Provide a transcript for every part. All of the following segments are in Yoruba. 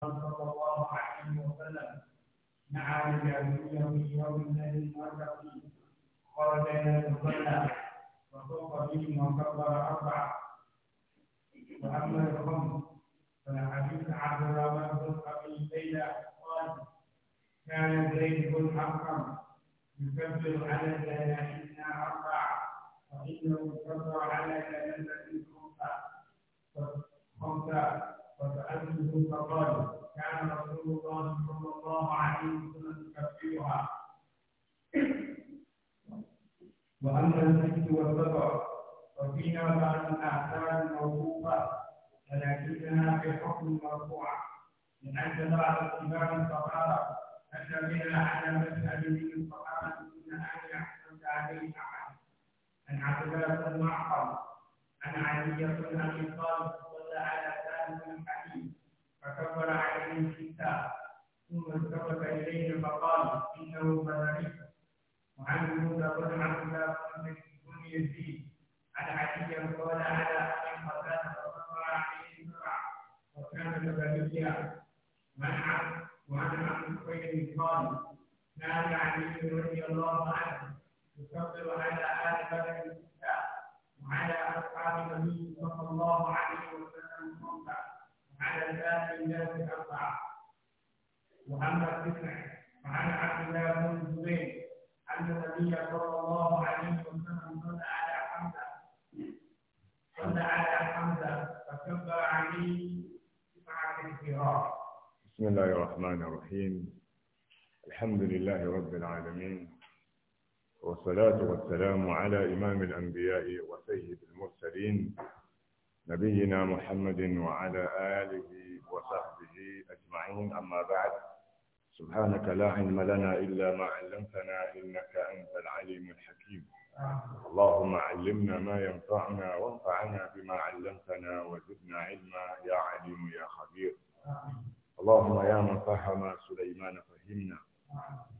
صلى الله عليه وسلم نعى بعزيه في يوم الذي مرت فيه خرج الى المصلى وطوف به وكبر اربعه واما الخمس فحديث عبد الرحمن بن ابي ليلى قال كان زيد بن حرقم يكبر على جناحنا اربعه وإنه كبر على جنازه خمسه خمسه فسألته فقال كان رسول الله صلى الله عليه وسلم يكفرها وأما الست والسبع وفيها بعض الأحكام الموقوفة ولكنها في حكم مرفوعة من أجل بعض كبار الصحابة أن منها على مشهد من الصحابة دون أن أحسنت عليه أحد أن عبد الله بن معقل أن علي بن أبي طالب صلى على جاءه فكبر عليه ستا ثم التفت اليه فقال انه بدري وعن موسى بن عبد الله بن يزيد عن علي قال على ان قتاده فكبر عليه سبعه وكان بدريا وعن وعن عبد الخير قال كان علي رضي الله عنه يكبر على ال بدر وعلى اصحاب النبي صلى الله عليه وسلم على لسان الناس أربعة محمد بن وعن عبد الله بن الزبير أن النبي صلى الله عليه وسلم صلى على حمزة صلى على حمزة فكبر عليه سبعة انفراد بسم الله الرحمن الرحيم الحمد لله رب العالمين والصلاة والسلام على إمام الأنبياء وسيد المرسلين نبينا محمد وعلى آله وصحبه أجمعين أما بعد سبحانك لا علم لنا إلا ما علمتنا إنك أنت العليم الحكيم اللهم علمنا ما ينفعنا وانفعنا بما علمتنا وزدنا علما يا عليم يا خبير اللهم يا من فهم سليمان فهمنا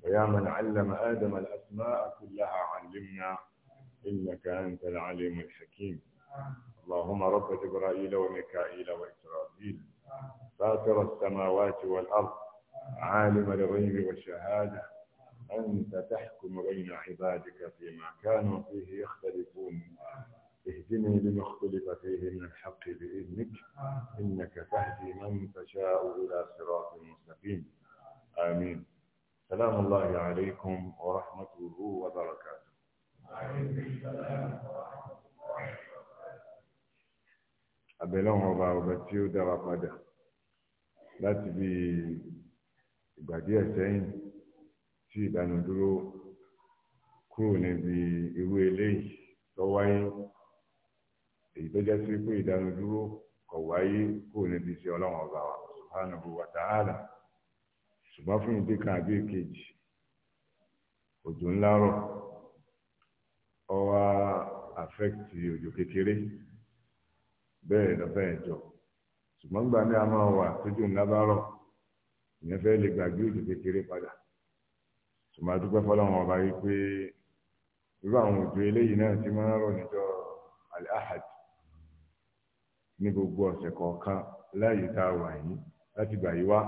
ويا من علم آدم الأسماء كلها علمنا إنك أنت العليم الحكيم اللهم رب جبرائيل وميكائيل وإسرائيل فاطر السماوات والأرض عالم الغيب والشهادة أنت تحكم بين عبادك فيما كانوا فيه يختلفون اهدني لما اختلف فيه من الحق بإذنك إنك تهدي من تشاء إلى صراط مستقيم آمين سلام الله عليكم ورحمته وبركاته. عليكم السلام ورحمة الله abẹ́lẹ́wọ̀n ọba ọba tí ó dá wa padà láti bí ìgbà díẹ̀ sẹ́yìn tí ìdánudúró kúrò níbi irú eléyìí tó wáyé èyí tó jẹ́ sí pé ìdánudúró kò wáyé kúrò níbi iṣẹ́ ọlọ́run ọba wa subhanahu wa ta'ala ṣùgbọ́n fún ìdí kan àbí ìkejì òjò ńlá rọ̀ ó àfẹ́kìtì òjò kékeré. bẹ́ẹ̀ lọ́fẹ́ ẹ̀jọ́ ṣùgbọ́n gbà ní a máa wà tójú ńlá ìyẹn fẹ́ lè gbàgbé òjò kékeré padà ṣùgbọ́n ọba yìí pé irú àwọn òjò eléyìí náà ti máa ń rọ̀ níjọ́ ní gbogbo ọ̀sẹ̀ kọ̀ọ̀kan láàyè tá a wà yìí láti gbà yìí wá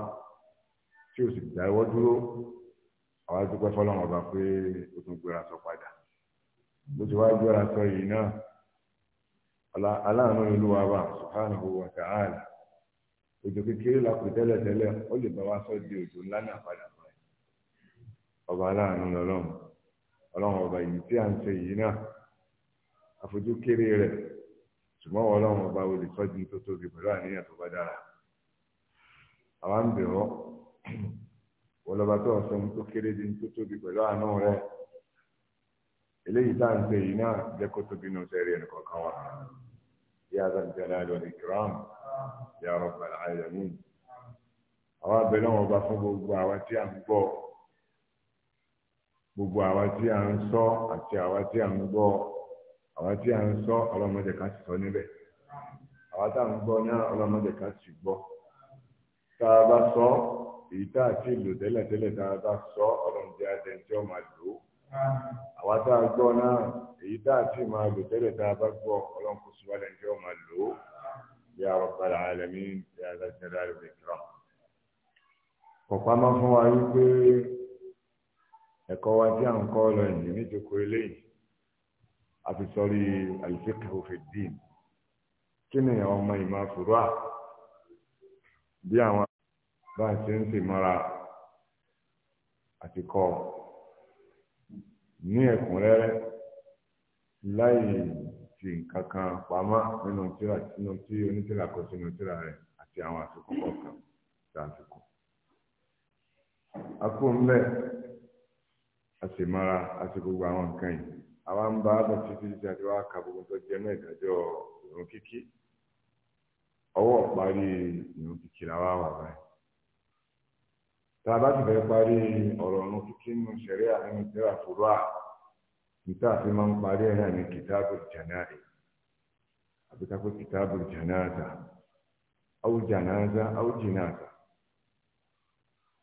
tí o sì dáwọ́ dúró ọba padà bó ti wá gbéra sọ aláàánú ìlú wa bá subhanahu wa ta'ala òjò kékeré la kù tẹ́lẹ̀ tẹ́lẹ̀ ó lè bá wa sọ di òjò ńlá náà padà báyìí ọba aláàánú lọ́lọ́run ọlọ́run ọba yìí tí à ń ṣe yìí náà àfojú kéré rẹ̀ ṣùgbọ́n ọlọ́run ọba olùtọ́jú tó tóbi pẹ̀lú àníyàn tó bá dára àwa ń bẹ̀rọ wọlọba tó ọ̀sán tó kéré di tó tóbi pẹ̀lú àánú eléyìí tá à ń pè yìí náà jẹ́ kó tóbi nù sẹ́rí ẹnì kọ̀ọ̀kan wa yá Zaljalali wal Ikram yá Rabbal Alamin àwa abẹ́lẹ́ wọn bá fún gbogbo àwa tí à ń gbọ́ gbogbo àwa tí à ń sọ àti àwa tí à ń gbọ́ àwa tí à ń sọ ọlọ́mọdé ká sọ níbẹ̀ àwa tá ń gbọ́ náà ọlọ́mọdé ká sì gbọ́ tá a bá sọ èyí tá àti ìlò tẹ́lẹ̀tẹ́lẹ̀ tá a bá sọ ọlọ́mọdé adẹ́ntẹ́ ọmọ àdúró àwa tá a gbọ́ náà èyí tá a sì máa lò tẹ́lẹ̀ tá a bá gbọ́ ọlọ́run kò sí wálé ẹjọ́ máa lò ó ya rabbal alamin ya dal jalali wal ikram ọ̀pá máa fún wa wípé ẹ̀kọ́ wa tí à ń kọ́ lọ yìí níjòkó eléyìí a ti sọrí al-fiqhu fi kí ni ọmọ ìmọ̀ fúrúà bí àwọn bá ń ṣe ń sì àti kọ́ ọ ní ẹ̀kúnrẹ́rẹ́ láì fi nǹkan kan pamọ́ nínú tíra nínú tí onítìrà kọ sínú tíra rẹ̀ àti àwọn àsìkò kọ̀ọ̀kan tá a fi kù. akó ńlẹ̀ a sì a sì gbogbo àwọn nǹkan yìí àwa ń bá bọ̀ títí tí a ti wá ka gbogbo tó jẹ́ mẹ́ẹ̀dájọ́ ìrun kíkí ọwọ́ parí ìrun kíkí la wá wà báyìí tá a bá ti fẹ́ parí ọ̀rọ̀ ọ̀run kíkí nínú ṣẹ̀ríà nínú ṣẹ̀ríà fúrú à níta fi máa ń parí ẹ̀ náà ní kìtáàbù jànáàdì àbí ká pé kìtáàbù jànáàdà áwù jànáàdà áwù jìnáàdà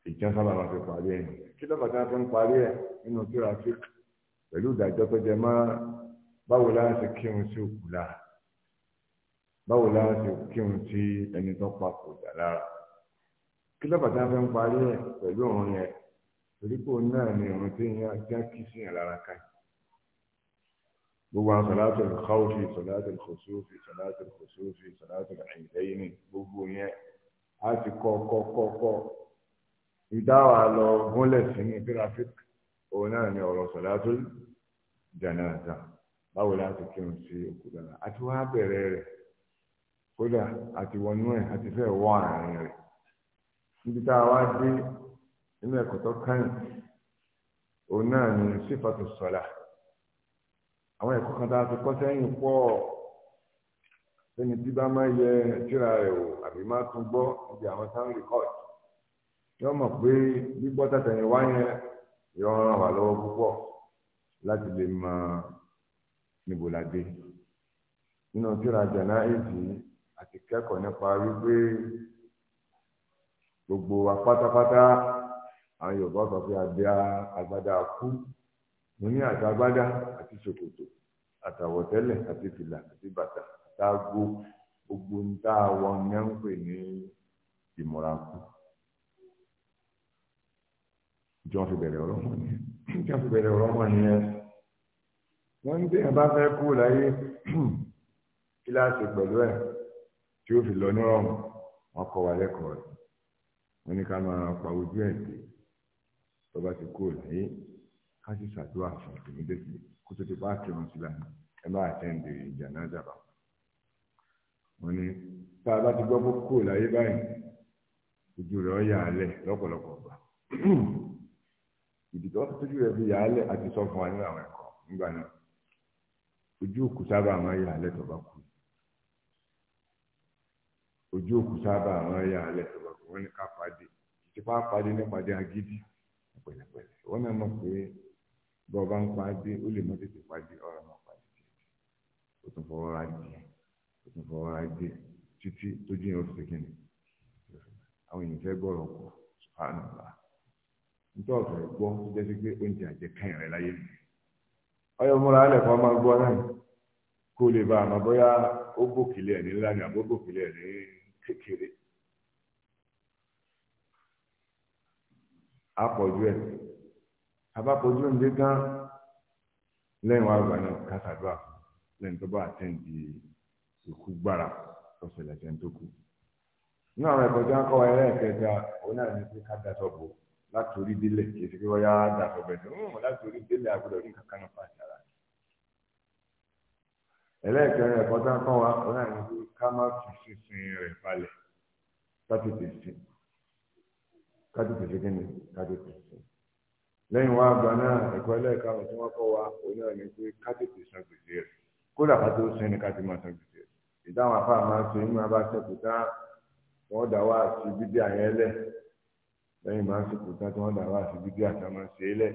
ìjà sábà máa fi parí ẹ̀ kí ló bàtà fi ń parí ẹ̀ nínú tírafík pẹ̀lú ìdájọ́ tó jẹ mọ́ báwo la ṣe kírun sí òkú lára báwo la ṣe kírun sí ẹni tó pa kò dà lára kí lọ́pàá tí wọ́n fẹ́ ń parí ẹ̀ pẹ̀lú òun yẹn torí pé òun náà ni òun tí yẹn já kí sí yẹn lára ká gbogbo àwọn sọláàtì kọ́ọ̀fì sọláàtì kòsófì sọláàtì kòsófì sọláàtì àìlẹ́yìn gbogbo yẹn á ti kọ́ kọ́ kọ́ kọ́ ìdáwà lọ gúnlẹ̀ sí ní graphic òun náà ni ọ̀rọ̀ sọ̀látò jànáza báwo láti kírun sí òkú dára àti wọ́n á bẹ̀rẹ̀ rẹ̀ kódà àti wọnú ẹ̀ àti fẹ́ wọ́ àárín rẹ̀ níbi tá a wá dé nínú ẹ̀kọ́ tó kàn òun náà ní sífàtò sọ̀là àwọn ẹ̀kọ́ kan tá a ti kọ́ sẹ́yìn pọ̀ sẹ́ni tí bá máa yẹ tíra rẹ̀ o àbí máa tún gbọ́ níbi àwọn sound record yọ mọ̀ pé gbígbọ́ tàtẹ̀yìn wá yẹn ràn wá lọ́wọ́ púpọ̀ láti lè mọ níbo la dé nínú tíra jẹ̀ náà èyí àti kẹ́kọ̀ọ́ nípa wípé gbogbo wa pátápátá àwọn yorùbá sọ pé abẹ́ agbádá kú mo ní àtàgbádá àti ṣòkòtò àtàwọ̀tẹ́lẹ̀ àti fìlà àti bàtà àtàgò gbogbo ń tá a wọ ní à ń pè ní ìmọ̀ra kú tí wọ́n fi bẹ̀rẹ̀ ọ̀rọ̀ wọn ni tí wọ́n fi bẹ̀rẹ̀ ọ̀rọ̀ wọn ni ẹ wọ́n ń tẹ̀yìn bá fẹ́ kú láyé kíláàsì pẹ̀lú ẹ̀ tí ó fi lọ nírọ̀rùn wọn kọ wa lẹ́kọ̀ọ́ rẹ̀ wọ́n ní ká máa pa ojú ẹ̀ dé tó bá ti kúrò láyé ká sì ṣàdúrà fún tèmi dèkì kó tó ti bá kírun sílá ẹ máa tẹ́ǹdì jánásà bá wọ́n ní tá a bá ti gbọ́ kó kúrò láyé báyìí ojú rẹ̀ ó yà á lẹ̀ lọ́pọ̀lọpọ̀ gbà ìdìtọ́ tójú rẹ̀ fi yà á lẹ̀ àti sọ fún wa nínú àwọn ẹ̀kọ́ nígbà náà ojú òkú sábà máa yà á lẹ̀ tó bá kú ojú òkú sábà àwọn ẹ̀yà alẹ́ tó bá kọ́ ká pàdé tipa pàdé nípàdé agídí pẹ̀lẹ́pẹ̀lẹ́ wọ́n náà mọ̀ pé bọ́ ọba ń pàdé ó lè mọ́ tètè pàdé ọ̀rọ̀ náà pàdé tètè ó tún fọwọ́ ra ó tún fọwọ́ ra títí tójú àwọn èèyàn fẹ́ kù nítorí ọ̀sẹ̀ gbọ́ tó jẹ́ sí pé oúnjẹ àjẹ rẹ láyé mi ọyọ múra náà kó lè bá bóyá kékeré àpọ̀jù ẹ̀ abápọ̀jù ẹ̀ ń dé gán lẹ́yìn wàá gbà náà kásàdúrà lẹ́yìn tó bá àtẹ́ǹdì ìkú gbára ọ̀sẹ̀lẹ̀ tẹ̀ ń tó kù nínú àwọn ẹ̀kọ́ tí wọ́n kọ́ wa ẹlẹ́ẹ̀kẹta òun náà ní pé ká dasọ̀ bò látòrí délẹ̀ kì í ṣe pé wọ́n yá dasọ̀ bẹ̀ tó ń láti orí délẹ̀ àgbọ̀dọ̀ ní kankan náà pàṣẹ ẹlẹ́ẹ̀kẹrin ẹ̀kọ́ tá a kọ́ wa ọ̀nà ìlú ká má fi sísìn rẹ̀ balẹ̀ kátìtì sí kátìtì sí kíni kátìtì sí lẹ́yìn wá àgbà náà ẹ̀kọ́ ẹlẹ́ẹ̀karùn tí wọ́n kọ́ wa ọ̀nà ìlú pé kátìtì san gbèsè rẹ̀ kódà pàtó sẹ́yìn ni kátìtì máa san gbèsè rẹ̀ ìdáhùn afá máa ń sọ inú abá sẹ́kù tá wọ́n dà wá sí bíbí àyẹn lẹ̀ lẹ́yìn máa ń sẹ́kù tá tí wọ́n dà wá sí bíbí àtàwọn ṣe é lẹ̀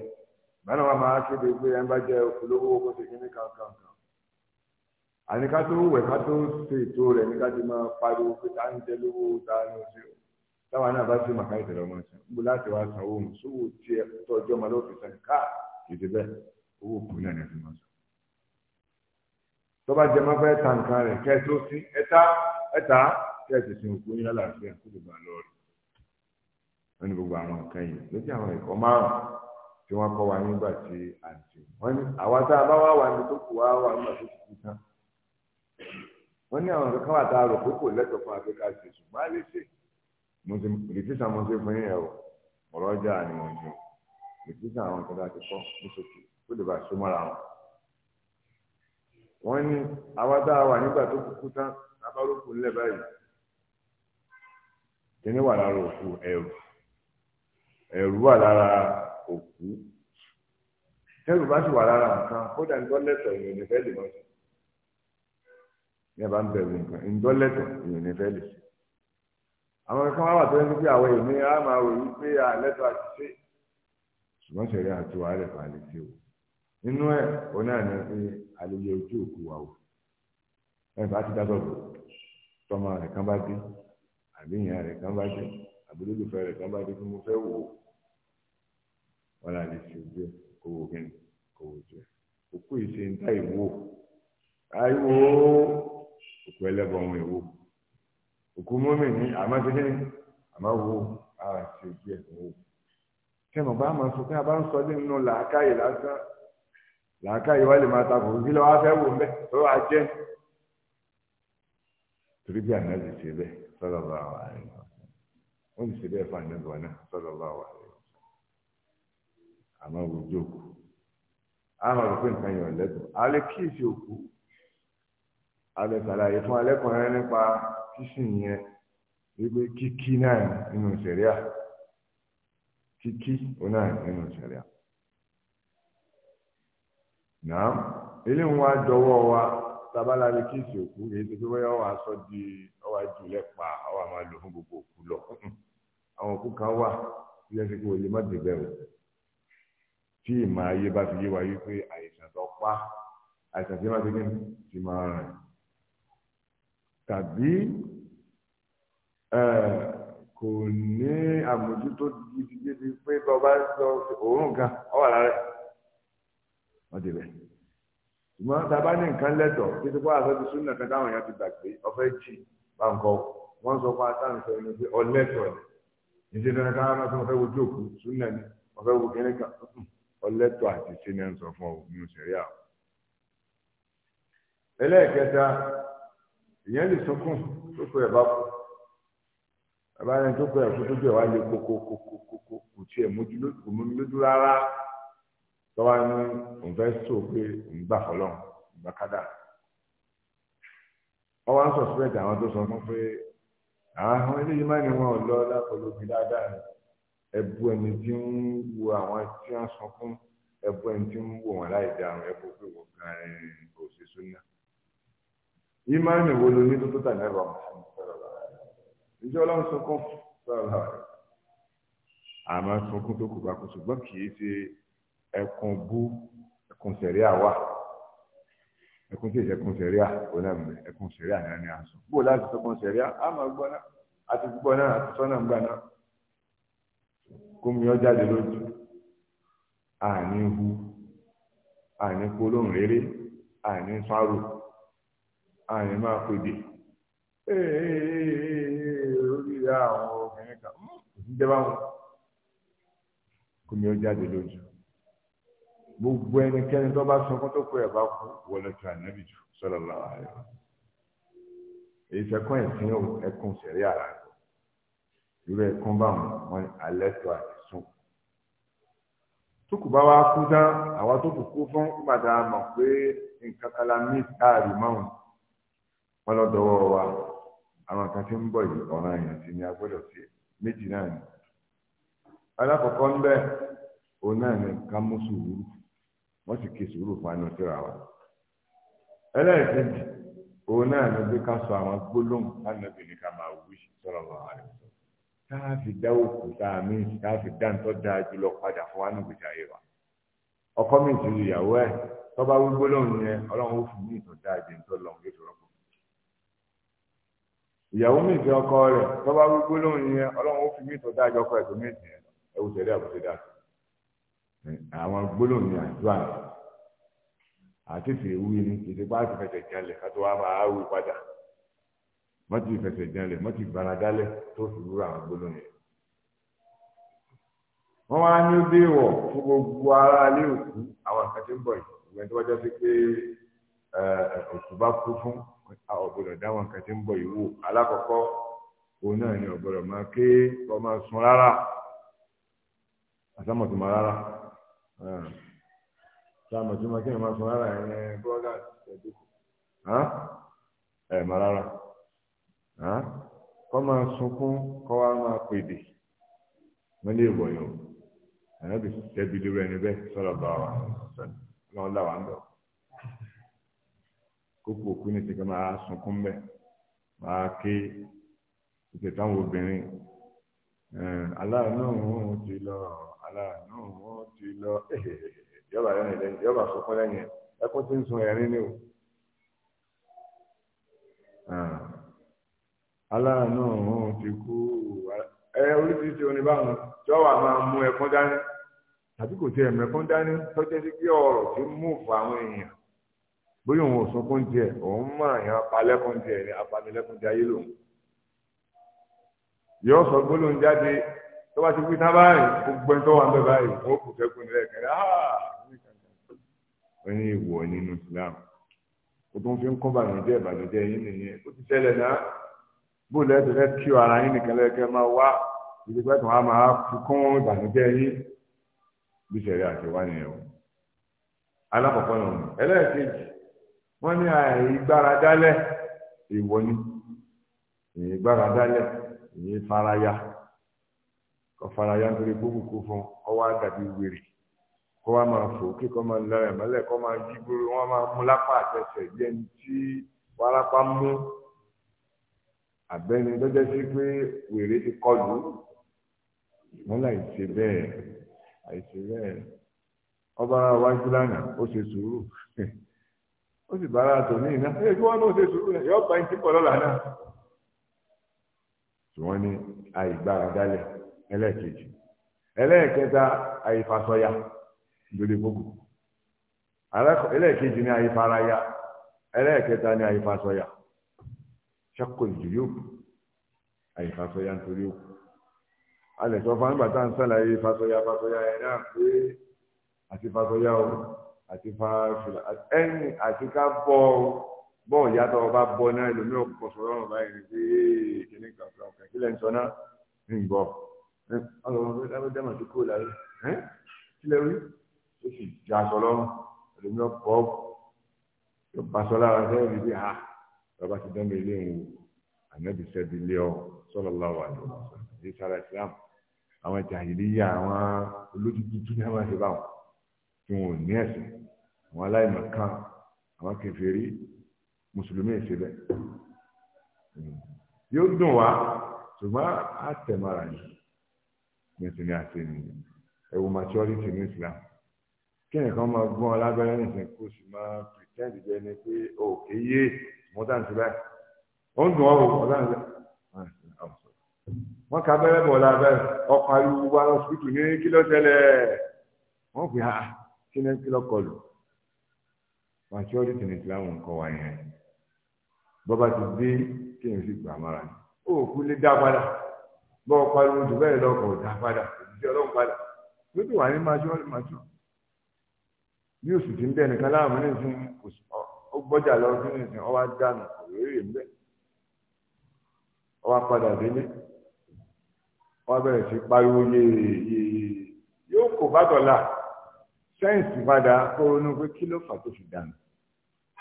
báwọn máa kéde pé ẹ bá jẹ olówó kó ṣe kíní kankan kan àní ká tó wẹ̀ ká tó ṣe ètò rẹ̀ ní ká ti máa pariwo pé ta ń jẹ lówó ta ní oṣù táwa náà bá sí màkà ìtẹ̀lẹ́ ọmọ ṣe gbogbo láti wá san owó mọ̀ sówó tí ẹ tọ́jú ọmọ lọ́wọ́ fi sàn ká kìdí bẹ́ẹ̀ owó kù náà ní ẹ̀sìn máa sọ. tọ́ba jẹ máa fẹ́ ta nǹkan rẹ̀ kẹ́ ẹ tó sí ẹ̀ta ẹ̀ta kẹ́ ẹ sì òkú yín lálàáfíà kó gbogbo àlọ́ rẹ̀. wọ́n ní gbogbo àwọn nǹkan yìí wọ́n ní àwọn kankan wà tá a rò pé kò lẹ́tọ̀ọ́ fún afẹ́ká ṣe ṣùgbọ́n a lè ṣe mo ti rìtísà mo ṣe fún yẹn o ọ̀rọ̀ ọjà ni mo ṣe rìtísà àwọn kankan ti kọ́ ní ṣòkè kó lè bá ṣó mọ́ra wọn. wọ́n ní àwa tá a wà nígbà tó kúkú tán abáròkù ńlẹ̀ báyìí kíní wà lára òkú ẹ̀rù ẹ̀rù wà lára òkú ẹ̀rù bá sì wà lára nǹkan kódà ní tọ́lẹ̀tọ̀ ìrìn lè mọ̀ sí ní ẹ̀bá ń bẹ̀rù nǹkan ìdọ́lẹ̀tọ̀ èèyàn ní fẹ́lẹ̀ àwọn kankan wà tó ń pé àwọn èmi á máa rò yí pé àlẹ́tọ̀ àti ṣe ṣùgbọ́n ṣẹ̀rí àti wàhálẹ̀ fàálẹ̀ sí o nínú ẹ̀ òun náà ní pé àlejò ojú òkú wa o ẹ̀ bá ti dábọ̀ bò tọmọ rẹ̀ kan bá dé àbí ìyá rẹ̀ kan bá dé àbí olólùfẹ́ rẹ̀ kan bá dé kí mo fẹ́ wò ó wọn là lè ṣe ojú ẹ̀ kó kí ni kó ojú ẹ̀ òkú ìṣe òkú ẹlẹ́bọ wọn èwo òkú mọ́mì ní àmọ́ ti ní àmọ́ wo ara ti ojú ẹ̀sìn wo kẹ́mọ̀ bá máa sọ pé a bá ń sọ ní nínú làákàyè lásán làákàyè wá lè máa ta kò sí lọ́wọ́ afẹ́ wò mbẹ́ ó wà jẹ́ torí bí ànábì ṣe bẹ́ẹ̀ sọ́dọ̀ bá wà rẹ̀ wọ́n ti ṣe bẹ́ẹ̀ fún ànábì náà sọ́dọ̀ bá wà rẹ̀ àmọ́ jókòó a máa rò pé nǹkan yọ̀ lẹ́tọ̀ọ́ alẹ́ sàlàyé fún alẹ́kùnrin nípa sísìn yẹn wípé kíkí náà nínú ìṣẹ̀ríà kíkí náà nínú ìṣẹ̀ríà. Nàá ilé ń wá dọwọ́ wa tabala lè kí ìsìn òkú èyí tó fi wáyé ọwọ́ aṣọ di ọwọ́ ajù lẹ́pa ọwọ́ àmọ́ lò fún gbogbo òkú lọ. Àwọn òkú kan wà tí wọ́n ti kí wọlé má débẹ̀ o. Tí ìmọ̀ ayé bá fi yé wa wípé àìsàn tó pa àìsàn tí wọ́n ti kí ti máa rìn tàbí eh, kò ní àmójútó gidigidi pé bọba sọ òórùn kan ọ wà lára wọn débẹ̀ ṣùgbọ́n tá a bá ní nǹkan lẹ́tọ̀ títí kó àṣọ ti súnà kan táwọn èèyàn ti gbàgbé ọ̀fẹ́ jì bá ń kọ́ wọ́n sọ fún atáwọn sọ ẹni pé ọlẹ́tọ̀ ni ìṣe dandan ká máa tún ọ̀fẹ́ wojú òkú súnà ni ọ̀fẹ́ wo kínní kan hmm. ọlẹ́tọ̀ àti ṣe ni ẹ̀ ń sọ fún ọ ní òṣèré àwọn. ẹlẹ́ẹ̀kẹta èèyàn lè sunkún tó kọ ẹ̀ bá kú bàbá yẹn tó kọ ẹ̀ kú tó jẹ́ wá lé kókókókókó kò tiẹ̀ mómi lójú rárá tọ́wá ní òun fẹ́ sọ pé òun gbà fọlọ́run gbà kádà ọwọ́ ń sọ̀sípẹ̀tì àwọn tó sọ fún pé àwọn eléyìí má ní wọn ò lọ lápọ̀lọpọ̀ dáadáa ni ẹ̀bù ẹni tí ń wo àwọn tí wọ́n sọ fún ẹ̀bù ẹni tí ń wo wọn láì dáhùn ẹ̀bù pé wọ́n gan-an kò ṣe sóyún ìmáàmì wo ló ní tó tó tà ní ẹ̀rọ ìjọ ọlọ́run sunkún sọ̀rọ̀ àmọ́ sunkún tó kù bá kú ṣùgbọ́n kì í ṣe ẹkùn bú ẹkùn sẹ̀ríà wà ẹkùn tí ìṣe ẹkùn sẹ̀ríà onáàmì ẹkùn sẹ̀ríà náà ni a sọ bó láti sọkùn sẹ̀ríà a máa gbọ́ náà a ti gbọ́ náà àti sọ́nà ń gbà náà kó mi ọ jáde lójú àní hu àní polóhùn rere àní sáró àyè máa pè dé orí ra àwọn obìnrin kan ìjọba hmm, wọn kò ní ó jáde lójú gbogbo ẹnikẹ́ni tó bá sọ fún tó kó ẹ̀ bá kú wọlé tó ànábì jù sallallahu alaihi wasallam ìṣẹ̀kùn ẹ̀sìn ẹkùn sẹ̀rí àrà irú ẹkùn bá wọn alẹ́ tó àti sùn tó kù bá wá kú tán àwa tó kù kú fún gbàdá mọ̀ pé nǹkan kan la mí táàrí máwùn wọn lọ dọwọ́ wa àwọn kan tí ń bọ̀ yìí ọ̀ràn èèyàn sì ni a gbọ́dọ̀ sí méjì náà ni alákọ̀ọ́kọ́ ń bẹ òun náà ni ká mú sùúrù wọ́n sì ké sùúrù fún àánú síra wa ẹlẹ́ẹ̀kejì òun náà ni pé ká sọ àwọn gbólóhùn lánàbì ní ká máa wí sọ̀rọ̀ lọ́wọ́ rẹ̀ tá a fi dá òkú tá a mí tá a fi dá nítọ́ dáa jùlọ padà fún àánú gbèsè ayé wa ọkọ mi ti lu ìyàwó ẹ tọ́ba wí gbólóhùn yẹn ọlọ́run ó fún ìyàwó mi ìfẹ́ ọkọ rẹ̀ tọ́ba gbogbo lóhùn yẹn ọlọ́run ó fi mí ìtọ́jú àjọ ọkọ ẹ̀ tó méjì yẹn ẹwù tẹ̀lé àbùtí dà àwọn gbólóhùn ní àdúrà àti ti ewu yìí ní kìtì pa àti fẹsẹ̀ jalè kátó wá máa wù padà wọ́n ti fẹsẹ̀ jalè wọ́n ti gbára dálẹ̀ tó fi wúrà àwọn gbólóhùn yẹn. wọ́n wá ní ó déèwọ̀ fún gbogbo ara ilé òkú àwọn àkàtúntò ìgbẹ́ni tó wájá sí pé òkú bá kú fún a ò gbọ́dọ̀ dá wọn nǹkan iwu ń bọ̀ yìí wò òun náà ni ò máa ké kọ́ máa rárá àsámọ̀túnmọ̀ rárá sáàmọ̀túnmọ̀ kí ni máa sun rárá ẹ̀ bọ́dà ẹ̀dínkù ẹ̀ mọ̀ rárá kọ́ máa sunkún kọ́ wá máa pèdè wọ́n lè lórí ẹni bá wa làwọn ń kókò òkú ní ti ká máa sunkún bẹ máa ké ìtẹ̀tàwọn obìnrin aláàánú òun ti lọ aláàánú òun ti lọ yọba lẹ́yìn lẹ́yìn yọba sunkún lẹ́yìn ẹkún tí ń sun ẹ̀rín ni o aláàánú òun ti kú ẹ oríṣiríṣi oníbàwọn jọ̀wọ́ máa mú ẹkún dání tàbí kò tiẹ̀ mẹ́kún dání tọ́jú sí pé ọ̀rọ̀ ti mú fún àwọn èèyàn bóyá òun ò sunkún tiẹ̀ òun mọ àyàn apalẹ́kùn tiẹ̀ ní apanilẹ́kùn tiẹ̀ ayé lòun yóò sọ gbólóhùn jáde tó bá ti pín tán báyìí gbogbo ẹni tó wà ń bẹ báyìí wọn kò fẹ́kùn nílẹ̀ kẹrẹ wọn ní ìwọ nínú Islam o tó ń fi ń kọ́ bànújẹ́ ìbànújẹ́ yín nìyẹn ó ti ṣẹlẹ̀ náà bóòlù ẹ̀ tó fẹ́ kí ara yín nìkan lẹ́kẹ́ máa wá ìdígbà tó wàá máa fi kún ìbànújẹ́ yín bí ṣẹlẹ̀ àti wá nìyẹn o alákọ̀ọ́kọ́ náà ẹlẹ́ẹ̀kejì wọ́n ní àìgbáradálẹ̀ ìwọ ni ìgbáradálẹ̀ ìfaraya kò faraya nítorí gbogbo fún ọwọ́ àdàbí wèrè kó wá máa fò kí kó máa lọ ẹ̀ mọ́lẹ̀ kó máa yí gbóró wọ́n máa mú lápá àtẹsẹ̀ bí ẹni tí wárápá mú àbẹ́ni tó sí pé wèrè ti kọlù wọ́n láì ṣe bẹ́ẹ̀ àìṣe bẹ́ẹ̀ ọba wájú lánàá ó ṣe sùúrù. ó sì bára àtọ̀ ní iná ẹ kí wọ́n náà ṣe sùúrù náà yọ ọ̀pá ẹni tí pọ̀ lọ́la náà. ṣùgbọ́n ní àìgbáradálẹ̀ ẹlẹ́ẹ̀kejì ẹlẹ́ẹ̀kẹta àìfàsọyà lórí gbogbo ẹlẹ́ẹ̀kejì ní àìfaraya ẹlẹ́ẹ̀kẹta ní àìfàsọyà ṣàkó ìjìyó àìfàsọyà nítorí òkú alẹ̀ sọ fún àgbàtà ń sàlàyé ìfàsọyà ìfàsọyà ẹ̀ náà pé àti ìfàsọyà ọ̀hún àti fàáfìlà ẹni àti ká bọ́ ọ bọ́ ìyá tó ọba bọ́ náà ẹlòmíì ọkọ̀ sọ̀rọ̀ ọ̀rọ̀ báyìí ni pé kíní kankan ọ̀kẹ́ kílẹ̀ ń sọ náà ń gbọ́ ọlọ́run fẹ́ dábẹ́ dámà tó kó láyé kílẹ̀ rí ó sì já aṣọ lọ́rùn ẹlòmíì ọkọ̀ yóò bá aṣọ lára fẹ́ rí bí ha bàbá ti dán mi ilé ń wò ànábì sẹ́bi ilé ọ sallallahu alaihi wasallam ìsára ìsìlámù àwọn ìjà ìlíyà àwọn olójútùtù ní àwọn ìṣẹ̀bà wọn tí wọn ò ní ẹ̀sìn àwọn aláìmọ̀kan àwọn kèfèrí mùsùlùmí ìṣẹ̀lẹ̀ hmm. yóò dùn wá ṣùgbọ́n á tẹ̀mọ́ra yìí nísìn ní àti ènìyàn ẹ̀wù maturity ní Islam kí nìkan máa gún ọ lábẹ́rẹ́ nìsín kó sì máa pretend jẹ́ ni pé o kì í yé mọ́tàǹtì báyìí ó ń dùn ọ́ mọ́tàǹtì ah, wọ́n ka abẹ́rẹ́ bọ̀ lábẹ́rẹ́ ọkọ̀ ariwo wa ní kílọ̀ tẹ́lẹ̀ wọ́n pè á ah, kí ni kílọ̀ kọlù maturity ní islam ń kọ́ wa yẹn bọ́ba ti dé kí n sì gbà mára ni òkú lè dá padà bọ́ọ̀ pariwo jù bẹ́ẹ̀ lọ́kọ̀ dá padà ìdíje ọlọ́run padà tó ti wà ní maturity mature bí oṣù tí ń bẹ́ẹ̀ nìkan láàmú ní ìsìn ó gbọ́jà lọ sí ní ìsìn ọwá dànù òrèrè ń ọwá padà délé ọwá bẹ̀rẹ̀ sí pariwo yéèyé yóò kò bá dọ̀la sẹ́ǹsì padà kó ronú pé kí ló fà tó fi dànù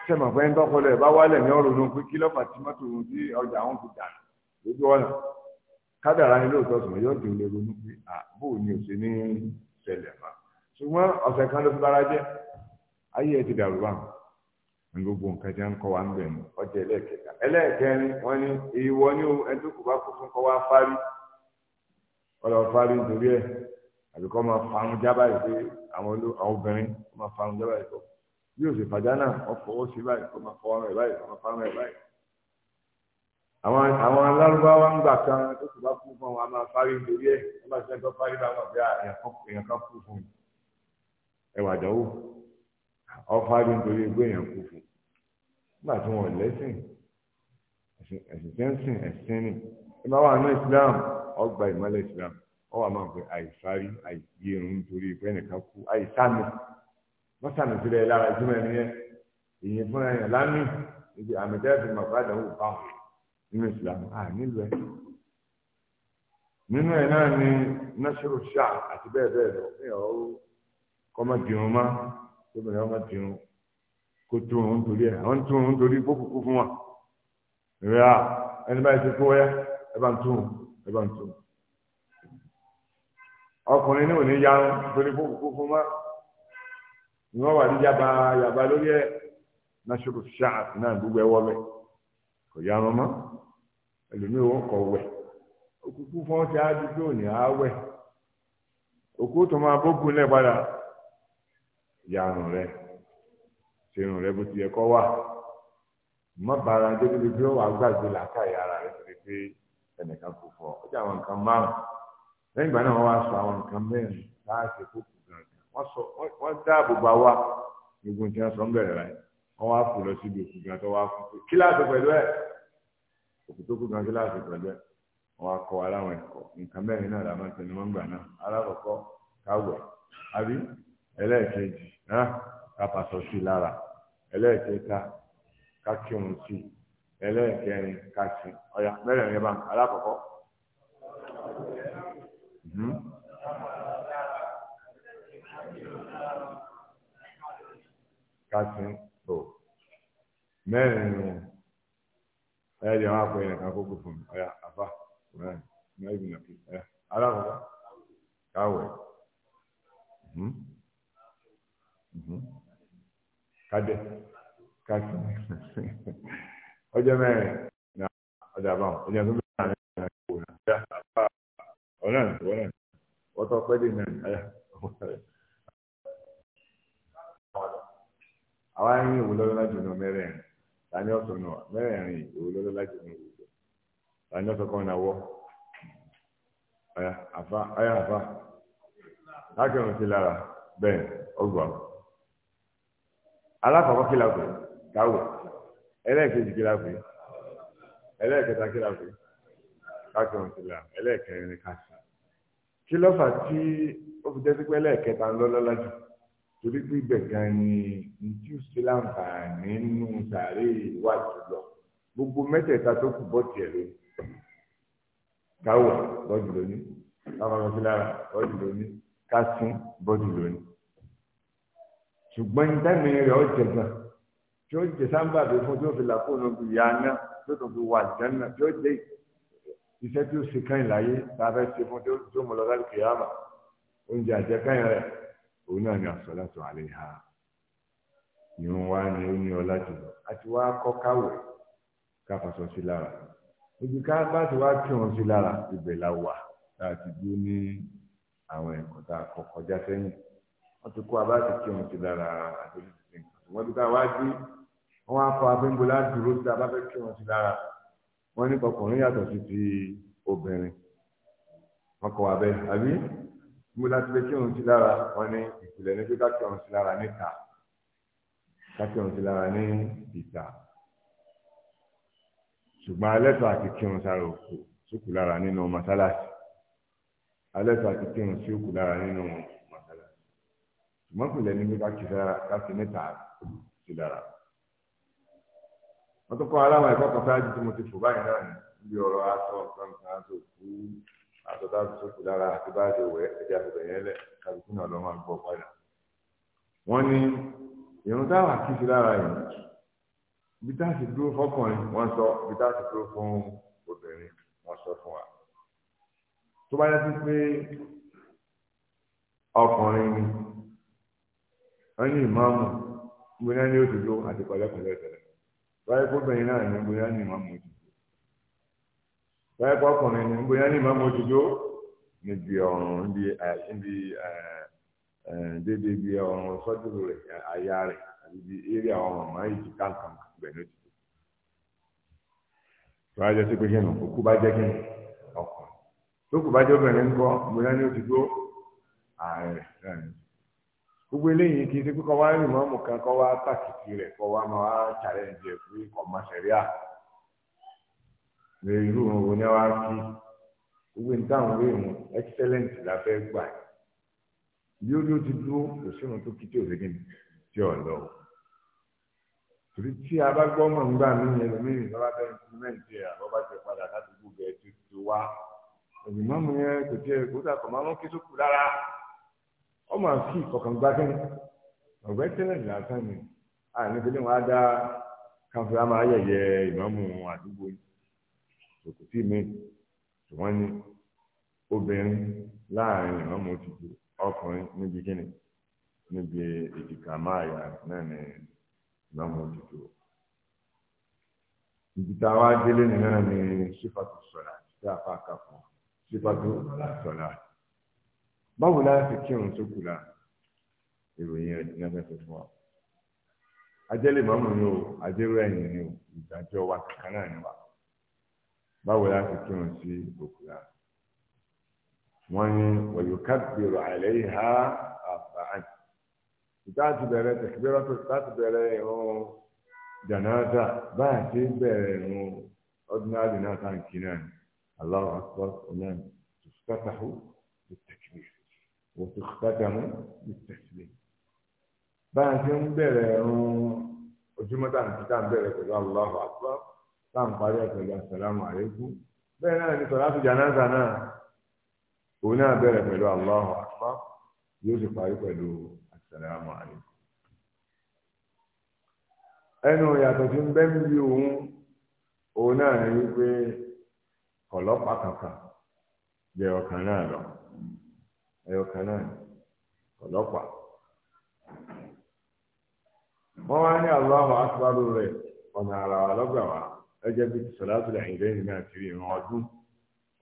sẹ́mọ̀ pé ń tọ́kọ lẹ̀ bá wálẹ̀ ní ọ̀rọ̀ ronú pé kí ló fà tí mọ́tò wọn tí ọjà wọn fi dànù lójú ọ̀nà kádàrá ni lóòótọ́ sùn yóò dùn lè ronú pé àbò ni ò sí ní ṣẹlẹ̀ mọ́ ṣùgbọ́n ọ̀sẹ̀ kan ló fi bára jẹ́ ayé ẹ ti dàrú báwọn ní gbogbo nǹkan tí wọn kọ wa ń bẹ ní ọjà ẹlẹ́ẹ̀kẹta ẹlẹ́ẹ̀kẹrin wọn ni ìwọ ni o ẹni tó kù bá kú fún kọ wa fárí àwọn obìnrin kó máa fa oúnjẹ báyìí kó bí o sì fàjánà ọfọwọ́ sí báyìí kó máa fọwọ́ rẹ̀ báyìí kó máa fọwọ́ rẹ̀ báyìí. àwọn àwọn alárúbáwá ń gbà kan tó sì bá kú fún wọn a máa fárí nítorí ẹ ẹ bá ṣe gbọ́ fárí báwọn bí èèyàn kan kú fún ẹwà àdánwò ọfárí nítorí pé èèyàn kú fún nígbà tí wọn lẹ́sìn ẹ̀sìn ẹ̀sìn ẹ̀sìn ni ẹ bá wà ní Islam ọgbà ìmọ́lẹ̀ Islam ọ wà máa pẹ àìsárí àìgbérun nítorí pé ẹnìkan kú àìsàmì wọn sàmì sílẹ̀ lára ìtumọ̀ ẹni yẹn èyí fúnra yẹn lámì ibi àmì tẹ́lẹ̀ fi mọ̀ pé àdánwò bá wọn nínú ìsìlámù à nílùú ẹ nínú ẹ náà ni nasiru shah àti bẹ́ẹ̀ bẹ́ẹ̀ lọ ẹ ọ kọmọ dìrún má tóbi náà kó tó òun torí ẹ àwọn tó òun torí gbókùkù fún wa rẹ à ẹni báyìí ti kó ẹ ẹ bá ń tó òun ẹ bá ń tó òun ọkùnrin ní òní yarun torí fún kúkú mọ́ ni wọ́n wà ní yaba yaba lórí ẹ̀ nasiru ṣáà náà gbogbo ẹ̀ wọ́ bẹ̀ kò yarun mọ́ ẹlòmíì wọn kọ̀ wẹ̀ òkùnkù fún ọtí àdúgbò ní àwẹ̀ òkú tó máa bógun lẹ̀ padà yarun rẹ̀ ṣerun rẹ̀ bó ti yẹ kọ́ wà mọ́ bàrà débi bí wọ́n wà gbàgbé làákàyà ara rẹ̀ pé ẹnìkan kò fọ́ ọjà àwọn nǹkan márùn lẹ́yìn ìgbà náà wọ́n wá sọ àwọn nǹkan mẹ́rin láti kó kù gàngàn wọ́n sọ wọ́n dáàbò bá wa gbogbo nǹkan sọ ń bẹ̀rẹ̀ láì wọ́n wá kù lọ síbi òkú gàngàn tó wá kù pé kíláàsì pẹ̀lú ẹ̀ òkú tó kù gàngàn kíláàsì pẹ̀lú ẹ̀ wọ́n akọ aláwọn ẹ̀kọ́ nǹkan mẹ́rin náà làwọn tẹnu wọn gbà náà alákọ̀ọ́kọ́ káwẹ̀ àbí ẹlẹ́ẹ̀kejì náà kápasọ sí lára ẹlẹ́ẹ̀kẹta Hmm? kásìn tó mẹ́rin ẹ jẹ́ wọn àpẹẹrẹ kan kókò fún mi ọ̀yà àfa mẹ́rin mẹ́rin nàkí ẹ̀ alákọ̀ọ́kọ́ káwẹ̀ hmm? Hmm? ọjọ́ mẹ́rin ọ̀nà ìwọ̀nà wọ́tọ̀ pẹ́lú náà ayá àwa ń yín òwúlọ́lọ́ lájú nù mẹ́rẹ̀ẹ̀rin tani ọ̀sán nù mẹ́rẹ̀ẹ̀rin òwúlọ́lọ́ lájú nù òwúlọ́ tani ọ̀sán kan náà wọ́ ayá àfa ayá àfa lákẹ́rùn sí lára bẹ́ẹ̀ ọgbà alákọ̀ọ́kọ́ kí la pè káwọ̀ la la kákìrún sílá ẹlẹ́ẹ̀kẹrin káṣá kí lọ́fà tí ó fi jẹ́ sí pé ẹlẹ́ẹ̀kẹta ń lọ́lọ́lá jù torí pé ibẹ̀ gan ni ntí ṣe láǹfààní nínú sàárè wà jùlọ gbogbo mẹ́tẹ̀ẹ̀ta tó kù bọ́ tiẹ̀ lónìí káwọ̀ bọ́ọ̀dù lónìí káfàkọ́ sí lára bọ́ọ̀dù lónìí kásún bọ́ọ̀dù lónìí ṣùgbọ́n ìdámi rẹ̀ ó jẹ gan tí ó jẹ sáńbà bí fún tí ó fi làkóònù bí yá ná tó tó fi wà jẹ́ náà tí ó jẹ iṣẹ́ tí ó ṣe káyìn láyé tá a fẹ́ ṣe fún tó mú lọ láti kìyàmà oúnjẹ àjẹkáyìn rẹ̀ òun náà ni àsọ̀látò àlẹ́ ha ìrun wa ni ó ní ọlá jùlọ àti wá kọ́ káwẹ̀ ká fàṣọ sí lára ibi ká bá ti wá kírun sí lára ibẹ̀ la wà tá a ti dúró ní àwọn ẹ̀kọ́ tá a kọ́ kọjá sẹ́yìn wọ́n ti kó a bá ti kírun sí lára àti ojú ti sìn wọ́n ti ká wá dé wọ́n á kọ́ abẹ́ńgbó ládùúró sí abáfẹ́ kírun sí lára wọ́n ní ọkùnrin yàtọ̀ sí ti obìnrin wọ́n kọ́ wa bẹ́ẹ̀ àbí mo láti lè kí òun sí lára wọ́n ní ìpìlẹ̀ ní pé ká kí òun sí lára níta ká kí òun sí lára ní ìta ṣùgbọ́n alẹ́tọ̀ àti kírun sára òkú sókù lára nínú mọ́sálásí alẹ́tọ̀ àti kírun sí òkú lára nínú mọ́sálásí ṣùgbọ́n ìpìlẹ̀ ní pé ká kí níta sí lára wọ́n tún kọ́ aláwọ̀ ẹ̀kọ́ kan sáájú tí mo ti fò báyìí náà ní bí ọ̀rọ̀ aṣọ kankan tó kú aṣọ táàbù tó kù lára àti bá ṣe wẹ̀ ẹ̀jẹ̀ àbẹ̀bẹ̀ yẹn lẹ̀ tàbí kí náà lọ́ máa gbọ́ padà. wọ́n ní ìrún táwà kí sí lára yìí bí táà sì dúró fọkùnrin wọ́n sọ bí táà sì dúró fún obìnrin wọ́n sọ fún wa. tó bá yẹ sí pé ọkùnrin ni wọ́n ní ìmáàmù gbóná ní òṣèlú àti pẹ̀lẹ́pẹ̀lẹ́ báyìí kóbìnrin náà ní bóyá ní ìmọ̀ mọ́jú báyìí kọkùnrin ní bóyá ní ìmọ̀ mọ́jú tó níbi ọ̀run níbi níbi dédé bí ọ̀run sọ́dúró rẹ̀ àyà rẹ̀ níbi eré àwọn màmá ti tó. tó jẹ́ sí pé kí gbogbo eléyìí kì í ṣe pé kọ́ wá rí ìmọ̀ọ́mù kan kọ́ wá tàkìtì rẹ̀ kọ́ wá máa wá challenge ẹ̀ fún ikọ̀ mọ́sẹ̀ríà lè irú òun wo ni wá kí gbogbo ní táwọn orí ìmọ̀ excellent la fẹ́ gbà bí ó ló ti dúró kò sí òun tó kí tí ò ṣe ni tí ò lọ o torí tí a bá gbọ́ mọ̀ nígbà mí yẹn lómi ìgbà bá fẹ́ implimenti ẹ̀ àbọ̀ bá ti padà láti gbogbo ẹ̀ ti wá òbí ọ máa kí ìkọkàn gbá kí ni ọ̀gbẹ́ tẹ́lẹ̀ lásán ni a ní pé níwọ̀n á dá káfíńà máa yẹ̀yẹ ìmọ̀mù àdúgbò kò tí mi ṣùgbọ́n ní obìnrin láàrin ìmọ̀mù ti ju ọkùnrin níbi kí ni níbi èjìká máa yà náà ní ìmọ̀mù ti ju ibi tá a wá délé nìyẹn ni sífàtú sọ̀lá tí a fà kà fún sífàtú sọ̀lá. báwo la fi kírun tó kù la ìròyìn ẹ̀ ní abẹ́ fún wa ajẹ́lẹ̀ ni o ajẹ́rú ẹ̀yìn ni o ìdájọ́ wa kankan náà ni wa báwo la fi kírun sí òkú la wọ́n ní àlẹ́ ha àbá bẹ̀rẹ̀ tẹ̀kíbẹ́rọ́ tó láti bẹ̀rẹ̀ ìrun jànáàtà báyà tí bẹ̀rẹ̀ ìrun ordinary náà tá kí náà وتختتم بالتسليم báyà ti ń bẹ̀rẹ̀ ẹ̀rùn ojúmọ́ tá à ń bẹ̀rẹ̀ pẹ̀lú Allahu Akbar tá à ń parí ẹ̀ pẹ̀lú asàlámù bẹ́ẹ̀ náà ni sọ̀rọ̀ àfijì anáza náà òun náà bẹ̀rẹ̀ pẹ̀lú Allahu Akbar yóò sì parí pẹ̀lú asàlámù àlékún. ẹnu ìyàtọ̀ tí ń bẹ́ níbi òun òun náà ni wípé ọlọ́pàá kankan jẹ́ ọkàn náà lọ. ẹ̀yọ̀ kan náà ọlọ́pàá. wọ́n wá ní aláwọ̀ akpárò rẹ̀ ọ̀nà ara wa lọ́gbà wa ẹjẹ́ bíi ti sọ̀lá tó lẹ́yìn lẹ́yìn náà ti rí ìran ọdún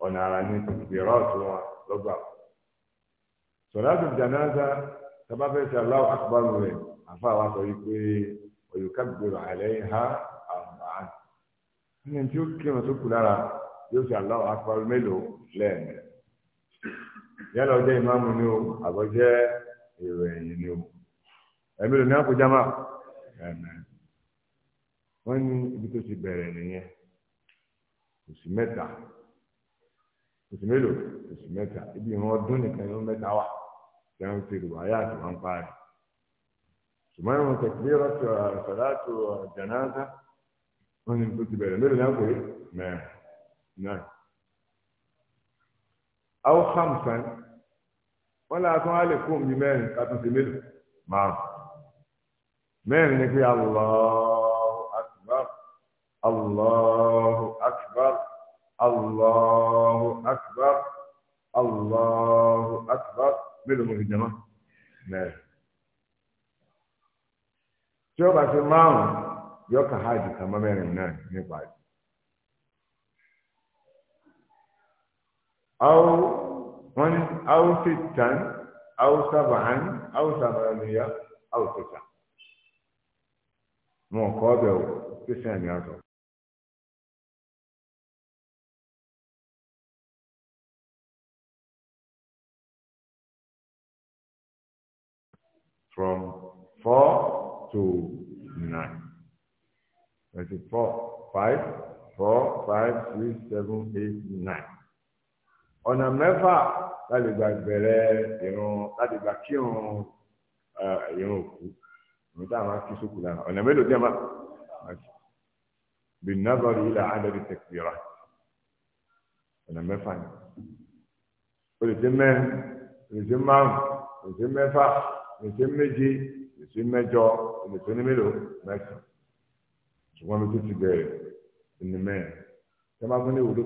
ọ̀nà ara ní ìgbèrè ọ̀tún wa lọ́gbà wa. sọ̀lá tó sábà fẹ́ àfa wa sọ wípé gbèrò ha àmà. ní ó tó lára yóò mélòó yálà ọjọ́ ìmáàmù ni o àbọ̀jẹ́ èrò ẹ̀yìn ni o ẹ̀mí lò ní àkójá máa ẹ̀mẹ́ wọ́n ní ibi tó ti bẹ̀rẹ̀ nìyẹn oṣù mẹ́ta oṣù mélòó oṣù mẹ́ta ibi ìran ọdún nìkan ìran mẹ́ta wà tí wọ́n ti rò wáyà tí wọ́n ń parí ṣùgbọ́n ìwọ̀n tẹ̀sílẹ̀ rọ́ṣọ̀ àṣàlátò jánásà wọ́n ní ibi tó ti bẹ̀rẹ̀ mélòó ní àkójá mẹ́rin náà àwọn hamsan wọn là tún á lè kó omi mẹ́rin kàtúnṣe mélòó márùn mẹ́rin ni pé Allahu akbar Allahu akbar Allahu akbar Allahu akbar mélòó mo fi jẹ mọ́ mẹ́rin tí ó bá ṣe márùn yọ kàhájì kàmọ́ mẹ́rin náà nípa rẹ̀. أو من أو awo أو tan أو ثمانية أو تسعة. nìyà awo tó from four to nine. That's it, four, five, four, five, six, seven, eight, nine ọ̀nà mẹ́fà láti gba bẹ̀rẹ̀ ìrun láti gba kírun ìrun òkú ìrun táwọn á kí sókù lára ọ̀nà mélòó jẹ́ bá bí nàbọ̀rì ilà àdàdì tẹ̀kìrà ọ̀nà mẹ́fà ni o lè ṣe mẹ́rin o lè ṣe márùn o lè ṣe mẹ́fà o lè ṣe méje o mẹ́jọ o onímélòó mẹ́sàn ṣùgbọ́n mi tó ti bẹ̀rẹ̀ ẹni mẹ́rin tẹ́ fún ní ìwúlò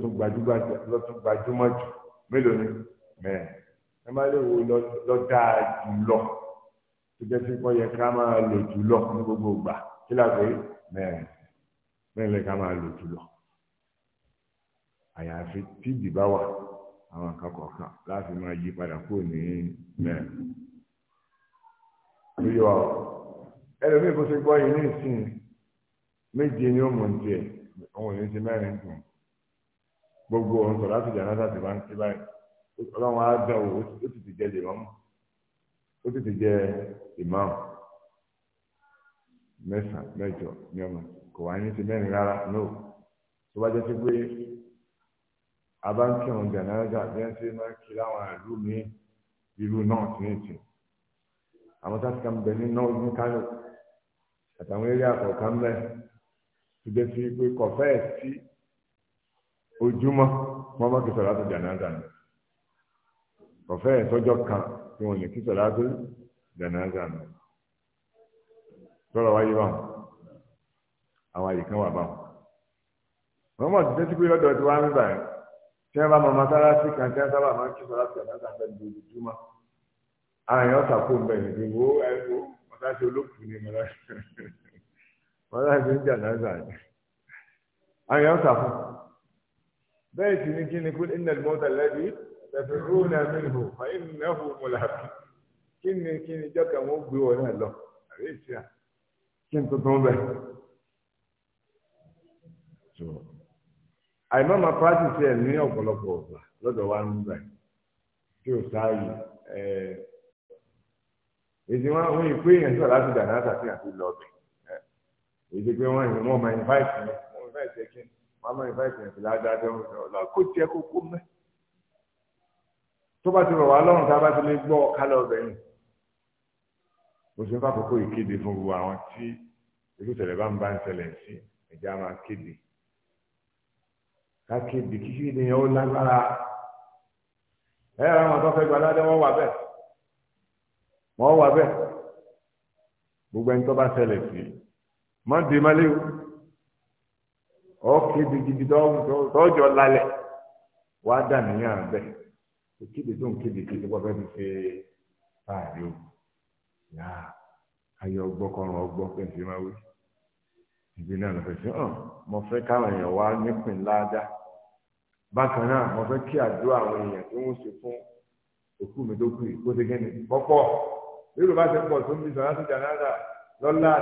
gbajúmọ̀ jù mélòó ni mẹ́ẹ̀ ẹ má lè wo lọ dáa jùlọ tó jẹ́ pé wọ́n yẹ ká máa lò jùlọ ní gbogbo ìgbà kí láti mẹ́ẹ̀ mẹ́rin lè ká máa lò jùlọ àyàfi tí ìdìbá wà àwọn nǹkan kọ̀ọ̀kan láti máa yí padà kúrò ní mẹ́rin ló yọ ọ ẹlòmíì kó ṣe gbọ́ yìí ní ìsìn méje ni ó mọ̀ ní tiẹ̀ òun ò ní ti mẹ́rin kùn gbogbo ọ̀hún sọ̀rọ̀ láti jàǹdà láti máa ń ké báyìí ọlọ́run á dán o ó sì ti jẹ ìmáàmù ó sì ti jẹ ìmáàmù mẹ́sàn-án mẹ́jọ ní ọmọ kò wá ní ti mẹ́rin rárá no tó bá jẹ́ sí pé a bá ń kírun jàǹdà bí wọ́n ṣe máa ń kí láwọn ìlú mi irú náà sí ìtì àwọn táṣíkà ń bẹ ní náà ní Kánò àtàwọn eré àkọ́kọ́ ń bẹ tó jẹ́ sí pé kọ̀fẹ́ẹ̀ sí ojúmọ́ wọ́n má kí sọ̀rọ̀ àti jàǹdà ni ọ̀fẹ́ ìtọ́jọ́ kan tí wọ́n lè kí sọ̀rọ̀ àti jàǹdà ni sọ̀rọ̀ wáyé báwọn àwọn àyè kan wà báwọn. wọ́n mọ̀ ti tẹ́tí pé tí wọ́n á ń gbà yẹn tí wọ́n bá mọ mọ́sálásí kan tí wọ́n sábà máa ń kí sọ̀rọ̀ àti jàǹdà ni ojúmọ́ ara yẹn ọ̀sà kó wo mọ́sálásí olókùn ni mọ́sálásí ń jà náà sàn bẹ́ẹ̀ sì ni kí ni kú iná mọ́tà lẹ́bi tẹ̀síkú náà mí hù mà ń ná hù mú làbí kí ni kí ni jọ́kà wọ́n gbé wọn náà lọ àbí ìṣe à kí n tuntun bẹ́ẹ̀. àìmọ́ máa pàṣẹ ẹ̀ ní ọ̀pọ̀lọpọ̀ ọ̀gbà lọ́dọ̀ wa ń bẹ̀ tí ò sáàyè èdè wọn àwọn ìpè yẹn sọ láti dàná àtàkì àti lọ́ọ̀bì èdè pé wọ́n ìwọ̀n máa invite mi wọ́n mọ̀ nípa ìsìn ìfìlà dáadé ọ̀hún ṣe ọ̀la kó tiẹ̀ kó tó bá ti rọ̀ wá lọ́rùn tá a bá ti lè gbọ́ ọ̀kálẹ̀ ọ̀bẹ yìí. mo ṣe ń fàkókò ìkéde fún gbogbo àwọn tí irú ìṣẹ̀lẹ̀ bá ń bá ń ṣẹlẹ̀ sí ẹ̀jẹ̀ á máa kéde. ká kéde kíkí ni ó lágbára. ẹ ẹ àwọn tó fẹ́ gba dáadé wọ́n wà bẹ́ẹ̀. wọ́n wà bẹ́ẹ̀. gbogbo ẹni tó bá ṣẹlẹ̀ sí. mọ́ ọ̀kéde gidi tọ́jọ́ lálẹ́ wàá dà níyàn bẹ́ẹ̀ òkéde tó ń kéde kéde wọ́n fẹ́ẹ́ fi ṣe fáàrí o yá ayé ọgbọ́ kọrùn ọgbọ́ pé nfi máa wí ìdí náà lọ́fẹ̀ẹ́ sí hàn mo fẹ́ káwọn èèyàn wá nípìn ládàá bákan náà mo fẹ́ kí àdúrà àwọn èèyàn tí wọ́n ṣe fún òkú mi tó kù kó ṣe kéde pọ́pọ́ lérò bá ṣe pọ̀ tó ń bí sọ̀rọ̀ àti jàǹdà lọ́la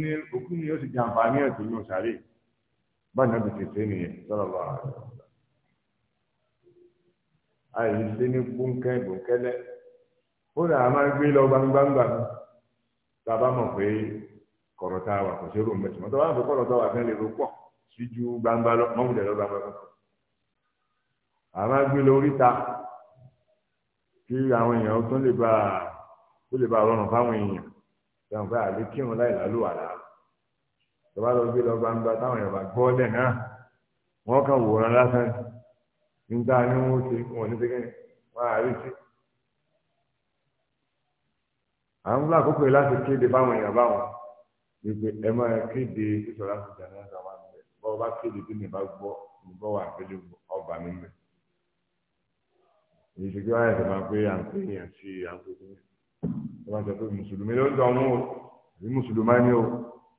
ní òkú mi yóò sì jàǹfààní ẹ̀ tó yóò sáré báyìí náà ti ṣe nìyẹn sọ̀rọ̀ lọ́wọ́ ààrẹ àyè ṣe ní búńkẹ́ bòńkẹ́lẹ́ ó dà á máa gbé lọ gbangbangba tá a bá mọ̀ pé kọ̀rọ̀ tá a wà kò ṣe rò mẹ́sì mọ́tò wà á fi kọ̀rọ̀ tá a wà fẹ́ lè ro pọ̀ sí ju gbangba lọ mọ́wùlẹ̀ lọ gbangba lọ. à máa gbé lọ oríta kí àwọn èèyàn tó lè bá tó lè bá rọrùn fáwọn èèyàn sẹ́wọ̀n bá àlékírun láì lálùwàlá tọ́ba lọ gbé lọ gbangba táwọn èèyàn bá gbọ́ lẹ̀ náà wọ́n kàn wòran lásán nígbà ní wọ́n ṣe wọ́n ní sẹ́kẹ́ wọ́n á rí sí. à ń gbọ́ àkókò yìí láti kéde báwọn èèyàn báwọn wípé ẹ máa kéde sísọ láti jà ní ọjà wọn bẹ bọ́ ọ bá kéde tí mi bá gbọ́ mi gbọ́ wà pẹ̀lú ọba mi mẹ́. èyí ti gbé wáyà tó máa pé à ń pè é yàn sí à ń pè máa sọ pé mùsùlùmí ló ń dọ̀ mú o àbí mùsùlùmá ni o.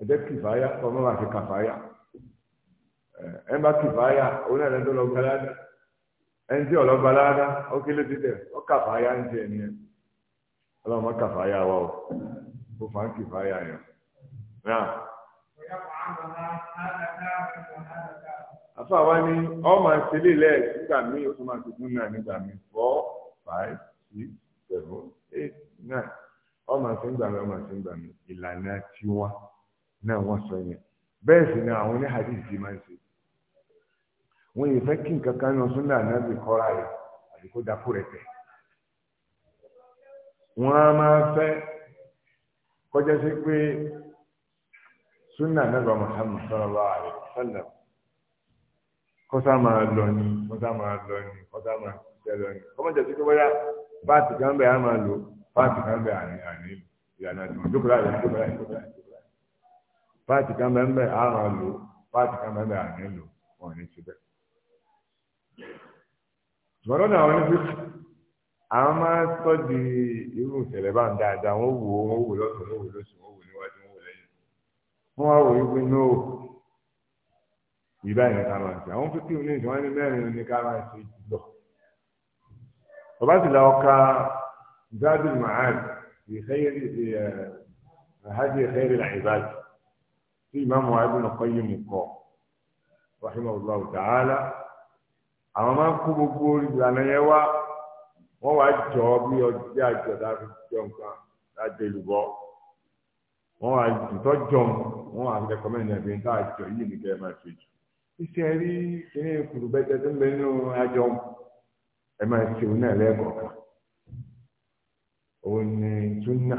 ẹjẹ kìfáyà ọmọ wa fi kàfáyà ẹ bá kìfáyà òun náà lẹdọ lọ balada ẹ ń tí ọlọ balada ó kélé títẹ ó kàfáyà ń tiẹ ní ẹ ọlọmọ kàfáyà wa o kó fà ń kìfáyà yẹn náà. afa wa ni ọmọ ìpele ilẹ̀ nígbà míì ó tún máa tuntun nígbà míì four five six seven eight nine ọmọ ìsìngbà mi ọmọ ìlànà tiwa. na wọ́n sọ yẹn bẹ́ẹ̀ sì ni àwọn oní hadith ti máa ń ṣe wọ́n yìí fẹ́ kí nǹkan kan náà súnà nábì kọ́ra rẹ̀ àti kó dákú rẹ̀ tẹ̀ wọ́n á máa fẹ́ kọjá sí pé súnà kọ́sá máa lọ ni kọ́sá máa lọ ni kọ́sá máa lọ ni kọ́mọ̀jà sí pé bóyá báàtì kan á lò báàtì kan àní páàtì kan bẹ́ẹ̀ bẹ́ẹ̀ àrùn lò páàtì kan bẹ́ẹ̀ bẹ́ẹ̀ àrùn lò wọn ò ní ti bẹ́ẹ̀. ṣùgbọ́n lọ́dọ̀ àwọn onífíìsì àwọn máa ń sọ di irú ìṣẹ̀lẹ̀ bá ń dáadáa wọ́n wò wọ́n wò lọ́sùn wọ́n wò lóṣù wọ́n wò níwájú wọ́n wò lẹ́yìn wọ́n wá wò wípé nóò ìbá yẹn ká máa ṣe àwọn fífi ní ìṣòwò ní mẹ́rin ní ká máa ṣe jùlọ. bàbá sì la mahad ìhẹ́yẹ́rì ìhàjì tí ìmáàmù Ibn Qayyim kọ rahimahullah ta'ala àwọn máa ń kó gbogbo ìlànà yẹn wá wọ́n wá jọ bí ọjọ́ àjọ láti jọ nǹkan láti olùbọ́ wọ́n wá jùtọ́ jọ wọ́n wá fẹ́ kọ́mẹ́ntì ẹ̀ fi ń tá àjọ yìí ní kẹ́ẹ̀ máa ṣe jù iṣẹ́ rí kíní kùrù bẹ́tẹ̀ tó ń bẹ nínú àjọ ẹ̀ máa ṣe náà lẹ́ẹ̀kọ̀ọ̀kan òun ni túnà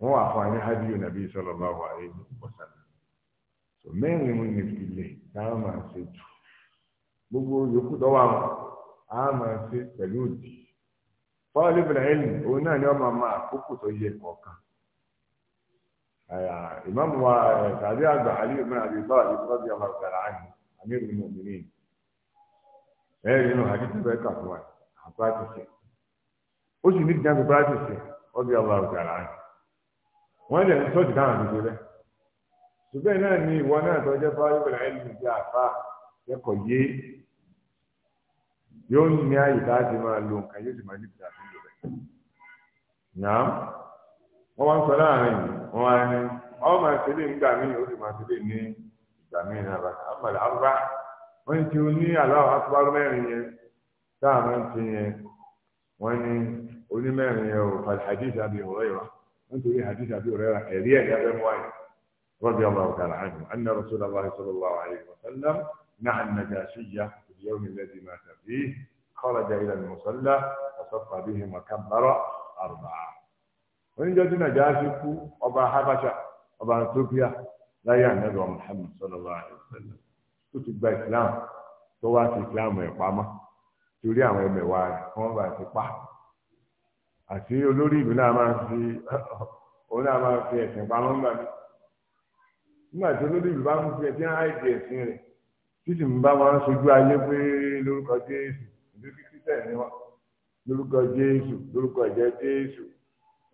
wọ́n wà fún àní hádìyù nàbí sallallahu alaihi wasallam mẹ́rin mú ní ìpìlẹ̀ tá a máa ṣe jù gbogbo yòókù tó wà a máa se pẹ̀lú òdì fọ́ọ̀lù ibrahim òun náà ni wọ́n máa máa àkókò tó yẹ kọ̀ọ̀kan ìmáàmù wa tàbí àgbà alí ibn abi talib radi Allahu ta'ala anhu amirul mu'minin ẹ̀rí nínú àdìsí bẹ́ẹ̀ kà fún wa àpáàtìsì ṣùgbọ́n náà ni ìwọ náà tó jẹ́ fáwọn ìbẹ̀rẹ̀ ẹni a fa ẹ̀kọ́ yé yóò ní àyè bá ti máa lo nǹkan yóò sì máa rẹ̀. wọ́n wá ń sọ láàrin wọn wá ní ọmọ ìṣẹ̀lẹ̀ nígbà míì ó sì máa ṣẹlẹ̀ ní ìgbà míì náà bá àmàlà àbúrà wọ́n ń ti ní aláwọ̀ akpárọ̀ mẹ́rin yẹn táà máa ń ti yẹn wọ́n ní onímẹ́rin yẹn ò fàdí رضي الله تعالى عنه أن رسول الله صلى الله عليه وسلم مع النجاشية في اليوم الذي مات فيه خرج إلى المصلى وصف بهم وكبر أربعة وإن جاءت نجاشك أبا حبشة أبا أثيوبيا لا يعني محمد صلى الله عليه وسلم كتب إسلام تواتي إسلام وإقامة torí àwọn ẹmẹ̀wà rẹ̀ kí wọ́n bá ti pa àti olórí ìlú náà máa ń nígbà tí olódìbò bá ń fi ẹtí àìdí ẹ̀sìn rẹ̀ títí ń bá wọn sojú ayé pé lórúkọ Jésù lórí títẹ̀ ní wọn lórúkọ Jésù lórúkọ ìjẹ́ Jésù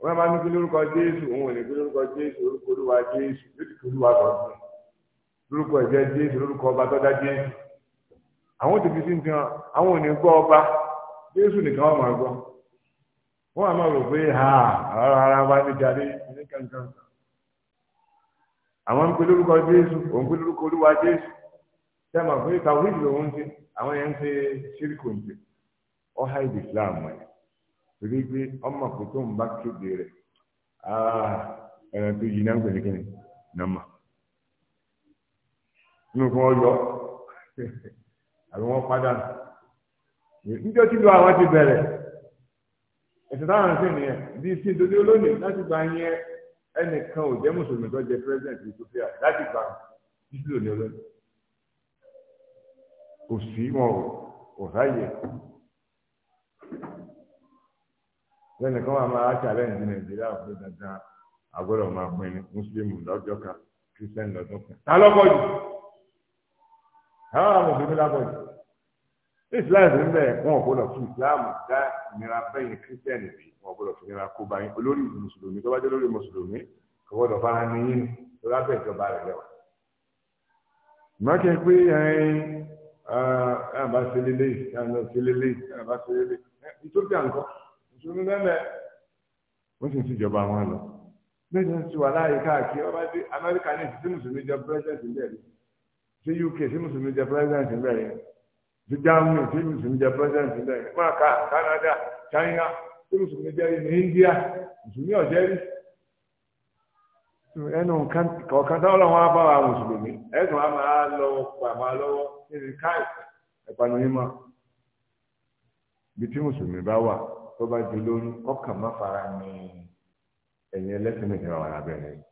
wọn bá ní pé lórúkọ Jésù òun ò ní pé lórúkọ Jésù orúkọ Olúwa Jésù lórí Olúwa sọ lórúkọ ìjẹ́ Jésù lórúkọ ọba tọ́jà Jésù àwọn tètè sí ti hàn àwọn ò ní gbọ́ ọba Jésù nìkan wọn máa gbọ́ wọn àmọ́ rò pé ha ara ara wa ní jáde ní kankan kan àwọn ń pe lórúkọ jésù òun pe lórúkọ olúwa jésù tẹ́ ẹ mọ̀ pé tàwíìdì lòun ti àwọn yẹn ń ṣe ṣíríkò ń ṣe ọ̀há ìdè islam ẹ̀ torí pé ọmọ kò tó ń bá kéde rẹ̀ ah, ẹran tó yí náà ń pè ní kíni nàmà nínú kí wọ́n àbí wọ́n padà níjọ́ tí lu àwọn ti bẹ̀rẹ̀ ẹ̀sìn táwọn ń sìn nìyẹn bí sí nítorí olónìí láti gba yẹn ẹnìkan ò jẹ́ mùsùlùmí tó jẹ president Ethiopia láti gbà bíbélò ní ọlọ́dún kò sí wọn ò ráyè lẹ́nìkan wà máa challenge Nàìjíríà fún dandan agbọ́dọ̀ máa pín ní mùsùlùmí lọ́jọ́ kan kírísítẹ́nì lọ́dún kan. ta lọ́kọ̀ jù? táwọn mùsùlùmí lápọ̀ jù islam ń bẹ wọn ò gbọ́dọ̀ fi islam dá ìnira bẹyìn kírísítẹnì bí wọn ò gbọ́dọ̀ fi ìnira kó báyìí olórí mùsùlùmí tó bá jẹ olórí mùsùlùmí kò gbọ́dọ̀ fara ní yín tó bá bẹ ìjọba rẹ lẹwà. ìmọ̀kẹ́ pé ẹyin àbá ṣe lélẹ̀ àbá ṣe lélẹ̀ àbá ṣe lélẹ̀ ìtòkè àǹkọ́ ìṣòro mẹ́lẹ̀ wọ́n sì ń tìjọba wọn lọ. mẹ́jọ ti wà láàyè káàkiri ọba dé amẹ́ríkà ti Germany tí mùsùlùmí jẹ president ilẹ̀ China tí mùsùlùmí jẹ ní India mùsùlùmí ọ̀jẹ́ rí ẹnu kọ̀ọ̀kan táwọn ọlọ́run á bá wa mùsùlùmí ẹ̀sùn á máa lọ pàmò lọ́wọ́ níbi káì ẹ̀pànìyàn ibi tí mùsùlùmí bá wà tó bá di lórí ọkàn má fara ní ẹ̀yìn ẹlẹ́sìn nìkan wà lábẹ́rẹ́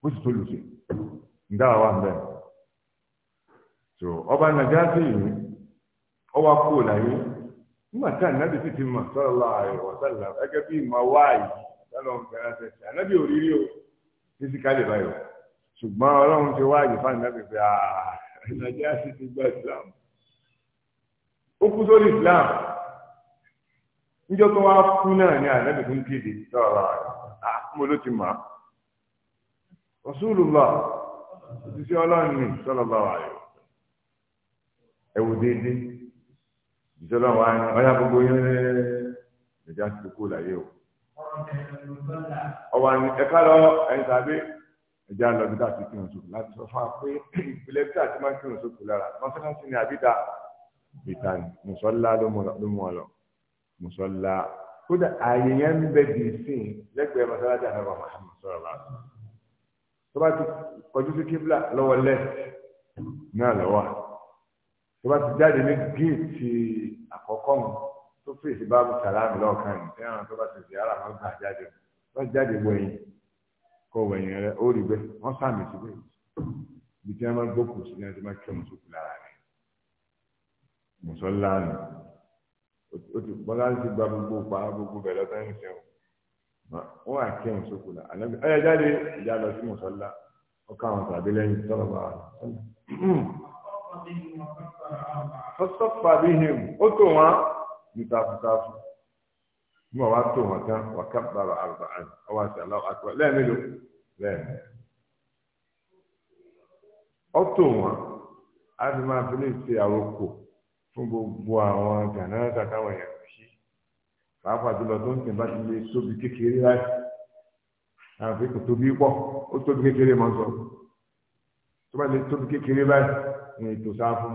kò ndawa wà mbẹ so ọba Nàjàsí yìí ọ wá kú láyé nígbà tí ànábì sì ti mọ̀ sallallahu alaihi wasallam gẹ́gẹ́ bí ìmọ̀ wáyé ò rírí o fisikálì báyọ̀ ṣùgbọ́n ọlọ́run ti wáyé fún pé ah, ti gba Islam ó kú sórí Islam níjọ́ tó wá kú náà ni ànábì tó ń kéde ah, mo ló òṣìṣẹ́ ọlọ́run ni sọ́lọ́ bá wà rẹ̀ ẹ̀wù déédéé ìṣọ́lọ́ wa ni ọ̀yà gbogbo yín ẹ̀já ti kú láyé o. ọwọ́ ni ẹ̀ka lọ ẹ̀yìn tàbí ẹ̀já lọ bí táà ti kírun sókè láti sọ fún wa pé ìpìlẹ̀ bí táà ti máa kírun sókè lára mọ́sálásí ni àbí dáa ìta ni mùsọ́lá ló mú ọ lọ mùsọ́lá kódà ààyè yẹn ń bẹ dì í lẹ́gbẹ̀ẹ́ mọ́sálásí tó ti kọjú sí kíbla lọ́wọ́ left náà lọ́wọ́ tó ti jáde ní géètì àkọ́kọ́ mu tó fèsì báàbù sàlámù lọ́ọ̀kan yìí fẹ́ràn tó bá ti sì ara máa ń gbà jáde tó ti jáde wẹ̀yìn kọ wẹ̀yìn rẹ ó rí bẹ́ẹ̀ wọ́n sàmì síbẹ̀ ibi tí wọ́n máa gbókù sí ní ẹni tí kí ọmọ sókè lára rẹ̀ mùsọ̀lá ni bọ́lá ti gba gbogbo pa gbogbo bẹ̀ lọ́tọ́ ẹ̀ ń ó wà kí ọ̀hún sókò la ànábì ọ̀yà jáde ìjà lọ sí mùsọ́lá ọkọ àwọn tàbí lẹ́yìn sọ̀rọ̀ bá wà. fọ́sọ́fà bí him ó tó wọn ní tafutafu mo wá tó wọn tán wà ká bàbá àrùbá àná ọwọ́ àti aláwọ̀ àti wọn lẹ́ẹ̀mẹ́lò lẹ́ẹ̀mẹ́ ó tó wọn á fi máa fi lè ṣe àròkò fún gbogbo àwọn gànáà tàtàwọn yẹn pàápàá jùlọ tó ń tẹ̀ bá ti lè tóbi kékeré láti àfi kò tóbi pọ̀ ó tóbi kékeré mọ́ sọ tó bá lè tóbi kékeré láti ní ètò sáfù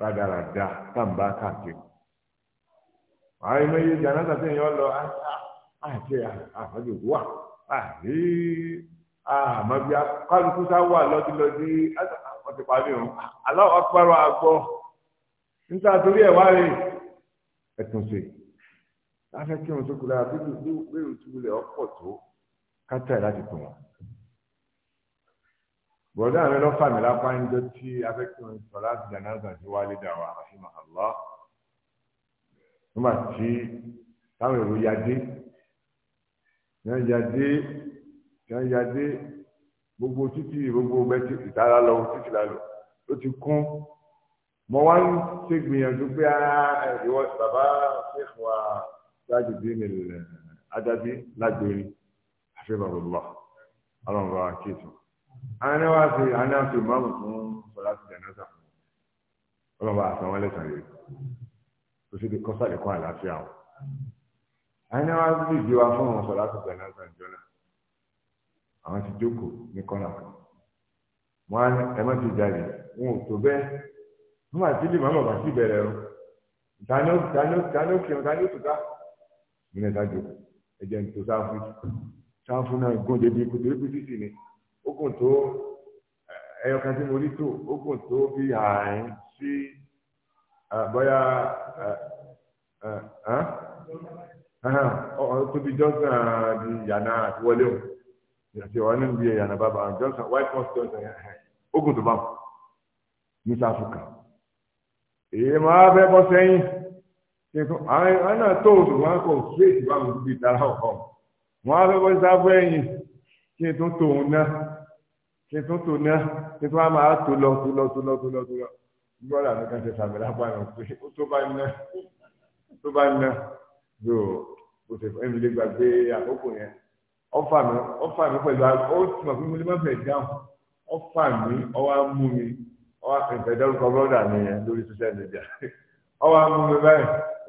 rádaràda tàǹbà káàkiri àwọn ẹ̀mọ́ yìí jàǹdà tàbí ẹ̀yọ́ lọ àti àfọ́jú wà àti àmọ́bí kálukú sá wà lọ́dúnlọ́dí ọ̀tí parí òun aláwọ̀ pẹ́rọ àgbọ̀ nígbà torí ẹ̀ wá rèé ẹtùn ṣe láfẹ́ kí wọn tó kúra bíbí bíbí túbúlẹ̀ ọ̀pọ̀ tó kátà láti pè wọn. bọ̀dá mi lọ fà mí lápá ń jọ tí afẹ́ kí wọn sọ láti dáná àgbà sí wálé dàwà rahimahullah nígbà tí táwọn èrò ya dé yẹn ya dé yẹn ya dé gbogbo títì gbogbo bẹ́ẹ̀ títì tààrà lọ títì lálọ́ ó ti kún mo wá ń ṣe gbìyànjú pé ah, ìwọ bàbá ṣèkò wa láti bí mi adábí lágbèrè àfi bàbá bàbá ọlọ́run bá kí ètò àwọn ẹni wá sí àná fi mọ́mù fún sọlá ti jẹ̀ náà sàkó ọlọ́run bá àtàn wọn lẹ́sàn-án rẹ̀ kò sí ti kọ́ sàlẹ̀ kọ́ àlàáfíà o àwọn ẹni wá ìdí wa fún sọlá ti jẹ̀ náà sàn jọ́nà àwọn ti jókòó ní kọ́nà kan wọn ẹ má ti jáde wọn ò tó bẹ́ẹ̀ nígbà tí lè mọ́mọ́ bá sí bẹ̀rẹ̀ rún tani ó tani ó tani ó kírun tani ó tùká ìrìn ìtajà ẹ̀jẹ̀ ní tó sáfù sáfù náà gùn débi ikú torí pé sísì ni ó gùn tó ẹyọ kan tí mo rí tó ó gùn tó bí ààrín sí bóyá tó bí Johnson di yànnà àti wọlé o yàtí wọn ní bí yànnà bàbá Johnson white house Johnson ó gùn tó bá wọn ní kan èyí máa fẹ́ bọ́ sẹ́yìn àwọn náà tó oṣù wọn kò fèsì bá wọn bí dára ọkọ wọn á fẹ́ bọ́ sáfẹ́ ẹ̀yìn kí n tún tòun náà kí n tún tòun náà kí n tún wá máa tó lọ tó lọ tó lọ tó lọ tó lọ gbọ́dọ̀ àti kan ṣe sàmì lápá náà pé ó tó bá ná tó bá ná yóò kò sì fẹ́ mi lè gbàgbé àkókò yẹn ọfà mi ọfà mi pẹ̀lú ó ti mọ̀ pé mo lè má fẹ́ dáhùn ọfà mi ọwọ́ á mú mi ọwọ́ ìfẹ̀dọ́rùkọ bọ́dà mi yẹn lórí social media ọwọ́ amú mi báyìí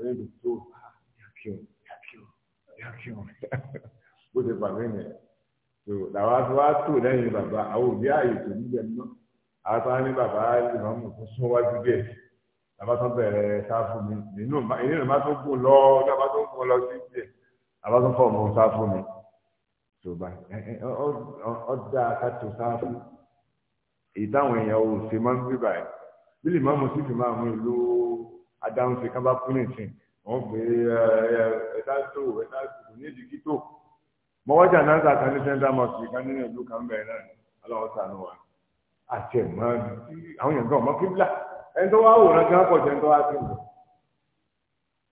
ẹni tó tó yàkíun yàkíun yàkíun bó ṣe fà mí nìyẹn tó làwọn aṣọ wa tó lẹ́yìn bàbá àwọn òbí ààyè tó níjẹ mọ́ àwọn aṣọ wa ní bàbá ìmọ̀ mọ̀ tó sún wájú díẹ̀ bàbá tó bẹ̀rẹ̀ sáfù mi nínú ìnínú bá tó gùn lọ bàbá tó gùn lọ sí díẹ̀ bàbá tó fọ̀ mọ́ sáfù mi tó bá ọ ọ ọ dáa sáfù èyí táwọn èèyàn ò ṣe máa ń fi báyìí bí lè má mo sì fi máa mú ìlú adáhùnṣe kábà púnìtì wọn gbé ẹdá tó ẹdá tó ní ìdíkí tó mọ wájà náà ta kan ní central mosque kan nínú ìlú kan bẹ́ẹ̀ náà aláwọ̀ sànù wa àti ẹ̀mọ́ àwọn èèyàn gan ọmọ kíbla ẹni tó wá wòran kí wọ́n pọ̀ jẹ́ ẹni tó wá sí ìlú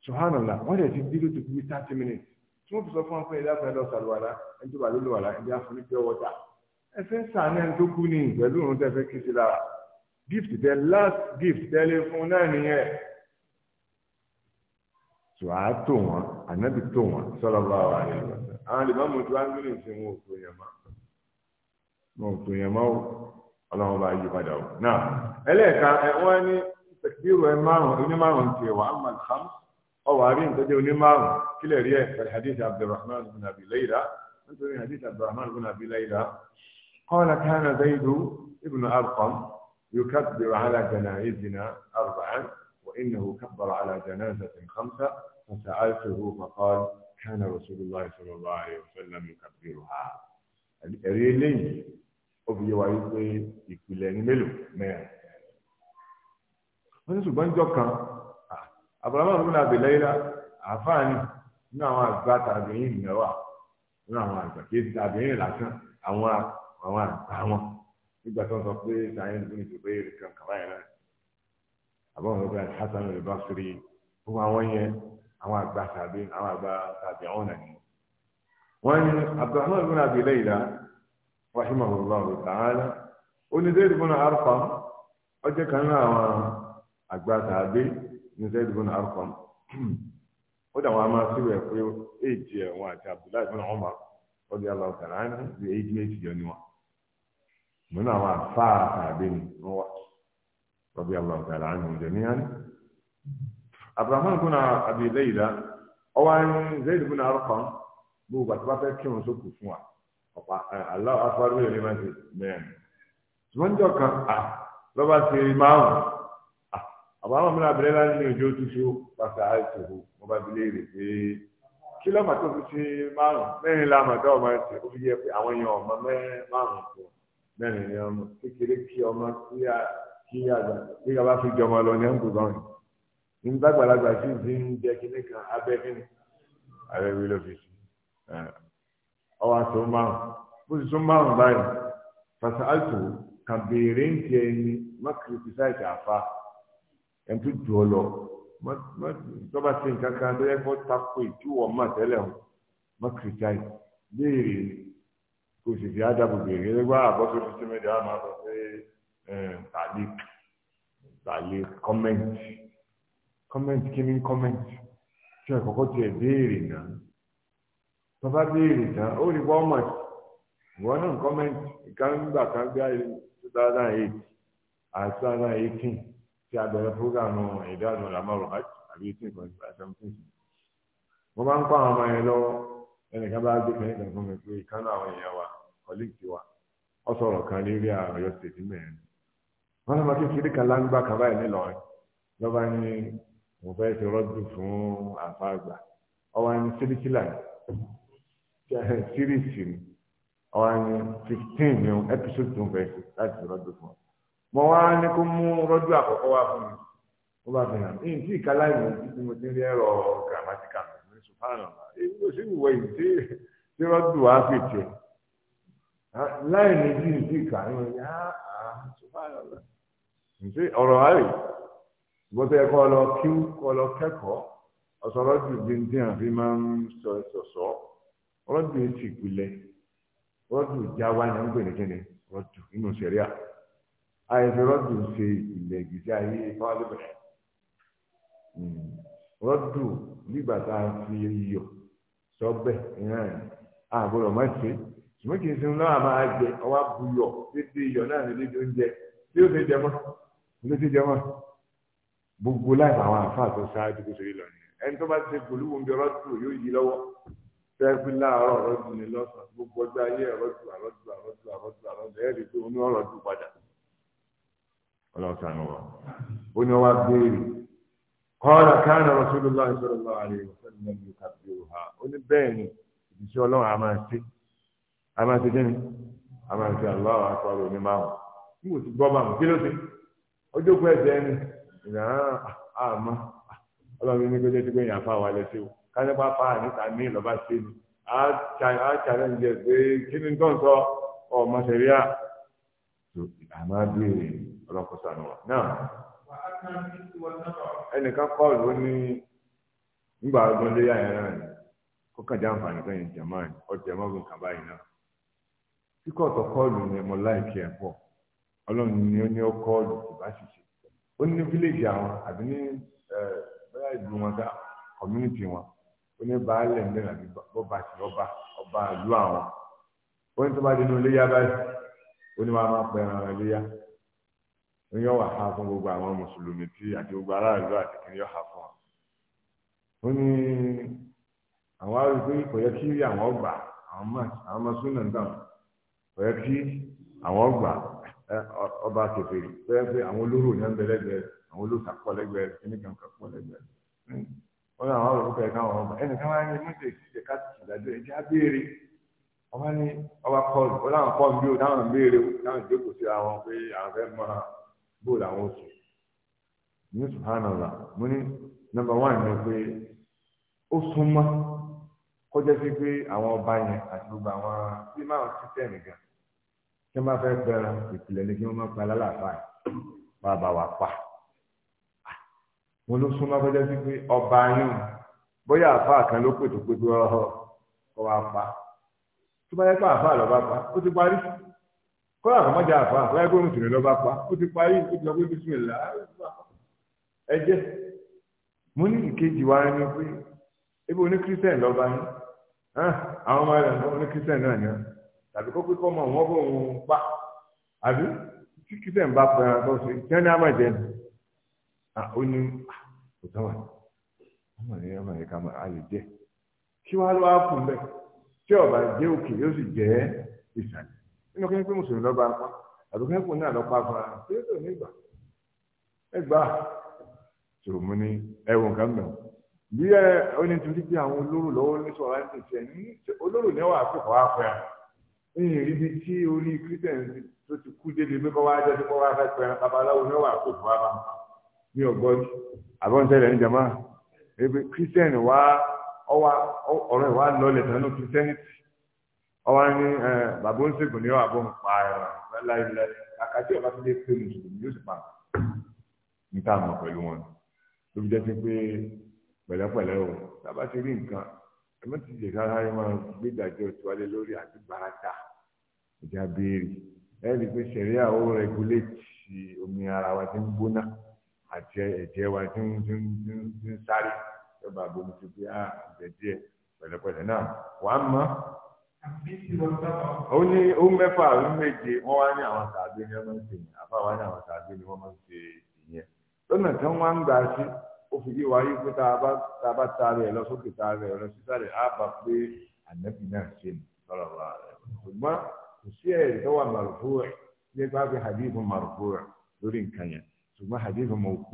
subhanallah wọ́n lè ti dídú tó fi thirty minutes tí wọ́n fi sọ fún wọn pé ẹ̀dá fún ẹ̀dá ọ̀sàlùwàlá ẹni ẹ fẹ́ sàánú ẹni tó kú ní pẹ̀lú òun tẹ́ fẹ́ kí sí lára gift tẹ last gift tẹ́lẹ̀ fún náà nìyẹn tó a tó wọn ànábì tó wọn sọlọ bá wà ní ìlú àwọn ìbámu tó wọn gbélé ìsìn wọn ò tó yẹn mọ́ wọn ò tó yẹn mọ́ ọlọ́run bá yí padà wọ náà ẹlẹ́ẹ̀ka wọ́n ní tẹ̀kíru ẹ márùn-ún onímárùn tiẹ̀ wà á mọ̀ àmì ọwọ́ àárín tó jẹ́ onímárùn kílẹ̀ rí ẹ̀ pẹ̀lú hadith abdulrahman bin abi layla nítorí hadith abdulrahman bin abi layla قال كان زيد ابن أرقم يكبر على جنائزنا أربعا وإنه كبر على جنازة خمسة فسألته فقال كان رسول الله صلى الله عليه وسلم يكبرها الأريل لي أبي وعيد يكلاني ملو ما wọ́n ní جوكا jọ kan abúlámọ́ ọ̀rọ̀ náà bèèrè ilá àfáàní نعم àwọn àgbà tàbí yìí àwọn àgbà wọn nígbà tó ń sọ pé sàyẹn ló ní ìdìbò èrè kan kàwá yẹn náà àbọ̀ wọn sọ pé Hasan al-Basri fún àwọn yẹn àwọn àgbà tàbí àwọn àgbà tàbí àwọn nàní. wọ́n ní Abdulrahman ibn Abi Layla rahimahullahu ta'ala nínú àwọn àfáà tàbí ni wọ́n wà rọ́bì allah ta'ala anhu jami'an abdulrahman kuna abi layla ọwọ́ ayé zayd kuna arqam gbogbo àti bá fẹ́ kírun sókù fún wa ọ̀pá aláwọ̀ afárú yẹn ní máa ṣe mẹ́rin ṣùgbọ́n níjọ́ kan lọ́ba ṣe márùn-ún àbáwọn mìíràn abẹ́rẹ́ láti ní ojú tó ṣe ó pàṣẹ àìsòwò wọn bá bilé rè pé kí lọ́mà tó fi ṣe márùn-ún mẹ́rin lámà tó ọmọ ẹ̀sìn ó fi yẹ pé àwọn èèyàn ọmọ mẹ́rin márùn-ún bẹ́ẹ̀ ni ọmọ kékeré kí ọmọ kí á kí àgbà kí a bá fi jọ ọmọ lọ ní ẹ̀ńkù sọ́run ní gbàgbàlagbà sí ti ń jẹ kíní kan abẹ́ kíní abẹ́ wí ló fi sí ọwọ́ àti ọmọ àwọn bó ti tún márùn báyìí fàṣà àìsàn kan béèrè ń jẹ ẹni má kìrìtìsáìtì àfa ẹni tó jù ọ lọ tọ́ba sí nǹkan kan tó yẹ kó takò ìtúwọ̀ mọ̀ tẹ́lẹ̀ o má kìrìtìsáìtì béèrè ni kò sì fi ádàbò bèrè nígbà àbọ̀sọ̀ social media á máa sọ pé tàlí tàlí kọ́mẹ́ǹtì kọ́mẹ́ǹtì kí ni kọ́mẹ́ǹtì tí ẹ̀ kọ́kọ́ tiẹ̀ béèrè náà tó bá béèrè tán ó rí wọ́n mọ̀ wọ́n náà kọ́mẹ́ǹtì ìkan nígbà kan bí i two thousand eight àti two thousand eighteen tí a bẹ̀rẹ̀ fúgàmù ìdáhùn làmọ́rọ̀ àbí eighteen point five seventeen wọ́n bá ń kọ́ àwọn ọmọ yẹn lọ́wọ́ ẹnìkan bá gbé kẹ́yìn kan fún mi pé ìkànnì àwọn èèyàn wa colleague tiwa ọ sọ̀rọ̀ kan lérí àrùn Ọ̀yọ́ state mẹ́rin wọn lọ́mọ kékeré kan láńgbà kan báyìí nílọrin lọ́ba ní mo fẹ́ ti rọ́dù fún àfa àgbà ọwọ́ ní síríkìlà síríìsì ni ọwọ́ ní fifteen ní episode tó ń fẹ́ láti rọ́dù fún ọ mo wá ní kó mú rọ́dù àkọ́kọ́ wá fún mi ó bá fi hàn ní tí ìkálá ìwé tí mo ti rí ẹ̀rọ grammatical ní sùpárànà èyí ló sì wọ ìdí tí rọ́dù wá fi tiẹ̀ láì méjì nìdí ìkà ni wọn yá àṣùfàlọ́lá nṣe ọ̀rọ̀ ayé gbọ́dọ̀ ẹ̀kọ́ lọ kí kọ́ lọ kẹ́kọ̀ọ́ ọ̀sọ̀rọ̀ jù bí ní àfi máa ń sọ ìsọ̀sọ̀ rọ́dù ti gbilẹ̀ rọ́dù jáwá ni wọ́n gbé nìkíni rọ́dù nínú sẹ̀ríà àìsí rọ́dù ṣe ìpìlẹ̀ ìgbésí ayé fáwọlẹ́bẹ̀rẹ̀ hmm. rọ́dù nígbà tá a fi iyọ̀ sọ́bẹ̀ ìran àgbọ̀dọ̀ má ṣe ṣùgbọ́n kì í sinmi náà máa jẹ ọwọ́ abuyọ̀ títí iyọ̀ náà ní dídí oúnjẹ tí ó ti jẹ mọ́ ló ti jẹ mọ́ gbogbo láìpẹ́ àwọn àfáà tó ṣáájú kó ṣeré lọ nìyẹn ẹni tó bá ti ṣe pẹ̀lú oúnjẹ rọ́tù yóò yí lọ́wọ́ fẹ́ẹ́fì láàárọ̀ rọ́tù ní lọ́sàn-án gbogbo ọjọ́ ayé rọ́tù àrọ́tù àrọ́tù àrọ́tù àrọ́tù ẹ̀ẹ́dì pé oní ọ̀rọ̀ tù padà ọlọ́sàn ní wá béèrè kọ́ọ̀dà káàdà rasulullah sallallahu alaihi wasallam yóò kàbí òhà ó ní bẹ́ẹ̀ ni ìṣẹ́ ọlọ́run a máa a máa ṣe kíni a máa ṣe aláwọ akọrọ ní márùn n kò sí gbọ́ bá wọn kí ló ṣe ọjọ́ kú ẹ̀jẹ̀ ẹni ìyàrá àmọ́ ọlọ́run ní o a challenge pé kí ni tó ń sọ ọmọ sẹ̀ríà àmọ́ béèrè ọlọ́kọ̀ọ́sà náà ẹnìkan kọ́ọ̀lù ó ní tí kọ̀tọ̀ kọ́ọ̀lù ni mo láìkí ẹ̀ pọ̀ ọlọ́run ni ó ní ó kọ́ọ̀lù kò bá ṣiṣẹ́ ó ní fílẹ̀jì àwọn àbí ní bóyá ìlú wọn dá community wọn ó ní baálẹ̀ mẹ́rin àbí bọ́ba sí ọba ọba ìlú àwọn ó ní tó bá dénú iléyà báyìí ó ní wàá máa pẹ ẹran iléyà ó ní ọ̀wà ha fún gbogbo àwọn mùsùlùmí tí àti gbogbo aráàlú àti kìnìyàn ha fún wọn ó ní àwọn arúgbó kò yẹ kí àwọn ọgbà àwọn mọ àwọn mọ súnà ń ọ̀yẹ́ kí àwọn ọgbà ọba kẹfẹ́rì bẹ́ẹ̀ pé àwọn olóró ní ọ̀nbẹ lẹ́gbẹ̀ẹ́ àwọn olóòtà pọ̀ lẹ́gbẹ̀ẹ́ ẹnìkan kan pọ̀ lẹ́gbẹ̀ẹ́ wọ́n náà wọ́n rò káwọn ọba ẹnìkan wá ní mọ́tò ìṣiṣẹ́ káàtì ìdájọ́ ẹ̀jẹ̀ á béèrè ọba ní ọba kọlù ó láwọn kọ́ bí ó dáhùn béèrè dáhùn jókòó sí àwọn pé àwọn fẹ́ mọ bóòlù àwọn oṣù ní tí wọ́n bá fẹ́ pẹran ìpìlẹ̀ ni kí wọ́n máa pa lálàáfà wà bá wà pa mo ló súnmọ́ kọjá sí pé ọba yín bóyá àfáà kan ló pè tó pé pé ọ kọ wá pa tó bá yẹ pé àfáà lọ bá pa ó ti parí kọ́lá àkọ́mọ́ jẹ àfáà kọ́lá ẹgbẹ́ òun sì lọ bá pa ó ti parí ó ti lọ pé bísímìlá ẹ jẹ́ mo ní ìkejì wa ni pé ebi oní kírísítẹ̀n lọ́ba yín àwọn ọmọ rẹ̀ ní kírísítẹ̀n náà ni wọ́n tàbí kó pé kọ́ mọ̀ wọ́n bò ń pa àbí kíkí tẹ̀ ń bá pẹ́ ara tó ṣe jẹ́ ní àmàjẹ́ ni ó ní ah, kò tán wà ọmọ yẹn ọmọ yẹn ká mọ̀ a lè jẹ́ kí wàá lọ wá fún bẹ́ẹ̀ tí ọba jẹ́ òkè yóò sì jẹ́ ìsàlẹ̀ nínú kí wọ́n pé mùsùlùmí lọ́ba pa àbí kí wọ́n pè náà lọ́pa fún ara tí ó tó nígbà ẹgbà tòun mú ní ẹwọ̀n kan mẹ́wọ̀n bí ẹ ọ ní torí pé àwọn olóró lọ́wọ́ ní sọ̀rọ̀ àti ìṣẹ́ ní olóró ní wàá kó kọ́ àpẹ́ àpẹ́ ẹ̀yìn ríbi tí orí christian tó ti kú débi pé kọ́wá jẹ́ pé kọ́wá fẹ́ pẹ́ran babaláwo ní wà kó fún wa bá mi ò gbọ́ àbọ̀ntẹ́lẹ̀ ní jama ebi christian wa ọwa ọ̀rọ̀ ìwà lọlẹ̀ tánú christianity ọwa ní bàbá oníṣègùn ní ọ̀bọ̀ ń pa ẹ̀rọ láìláì àkàtì ọ̀bá tó lè pè mùsùlùmí yóò sì pa níta mọ̀ pẹ̀lú wọn ló fi jẹ́ pé pẹ̀lẹ́pẹ̀lẹ́ o tá ti rí nǹkan ẹmọ ti lè rárá ẹ máa gbé ìdájọ́ tiwálé lórí àti barata ìjà béèrè ẹ rí i pé sẹríà ó rẹguléètì omi ara wa ti ń gbóná àti ẹ̀jẹ̀ wa ti ń ti ń ti ń ti ń sáré lọba abomi ti fi á ah, ẹ̀jẹ̀ díẹ̀ pẹ̀lẹ́pẹ̀lẹ́ náà wà á mọ. ó ní ó mẹ́fà ó méje wọ́n wá ní àwọn tàbí ni wọ́n máa ń ṣe àbá wá ní àwọn tàbí ni wọ́n máa ń ṣe ìyẹn lọ́nà tí wọ́n máa ń gbà sí ó fi yé wa yí pé tá a bá taari ẹ̀ lọ sókè taari ẹ̀ lọ sísàlẹ̀ á bá pé ànábì náà ṣe ní sọ̀rọ̀ wa rẹ̀ ṣùgbọ́n kò sí ẹ̀rí tó wà màrúfú rẹ̀ bí ẹ bá fi hadith màrúfú rẹ̀ lórí nǹkan yẹn ṣùgbọ́n hadith mawquf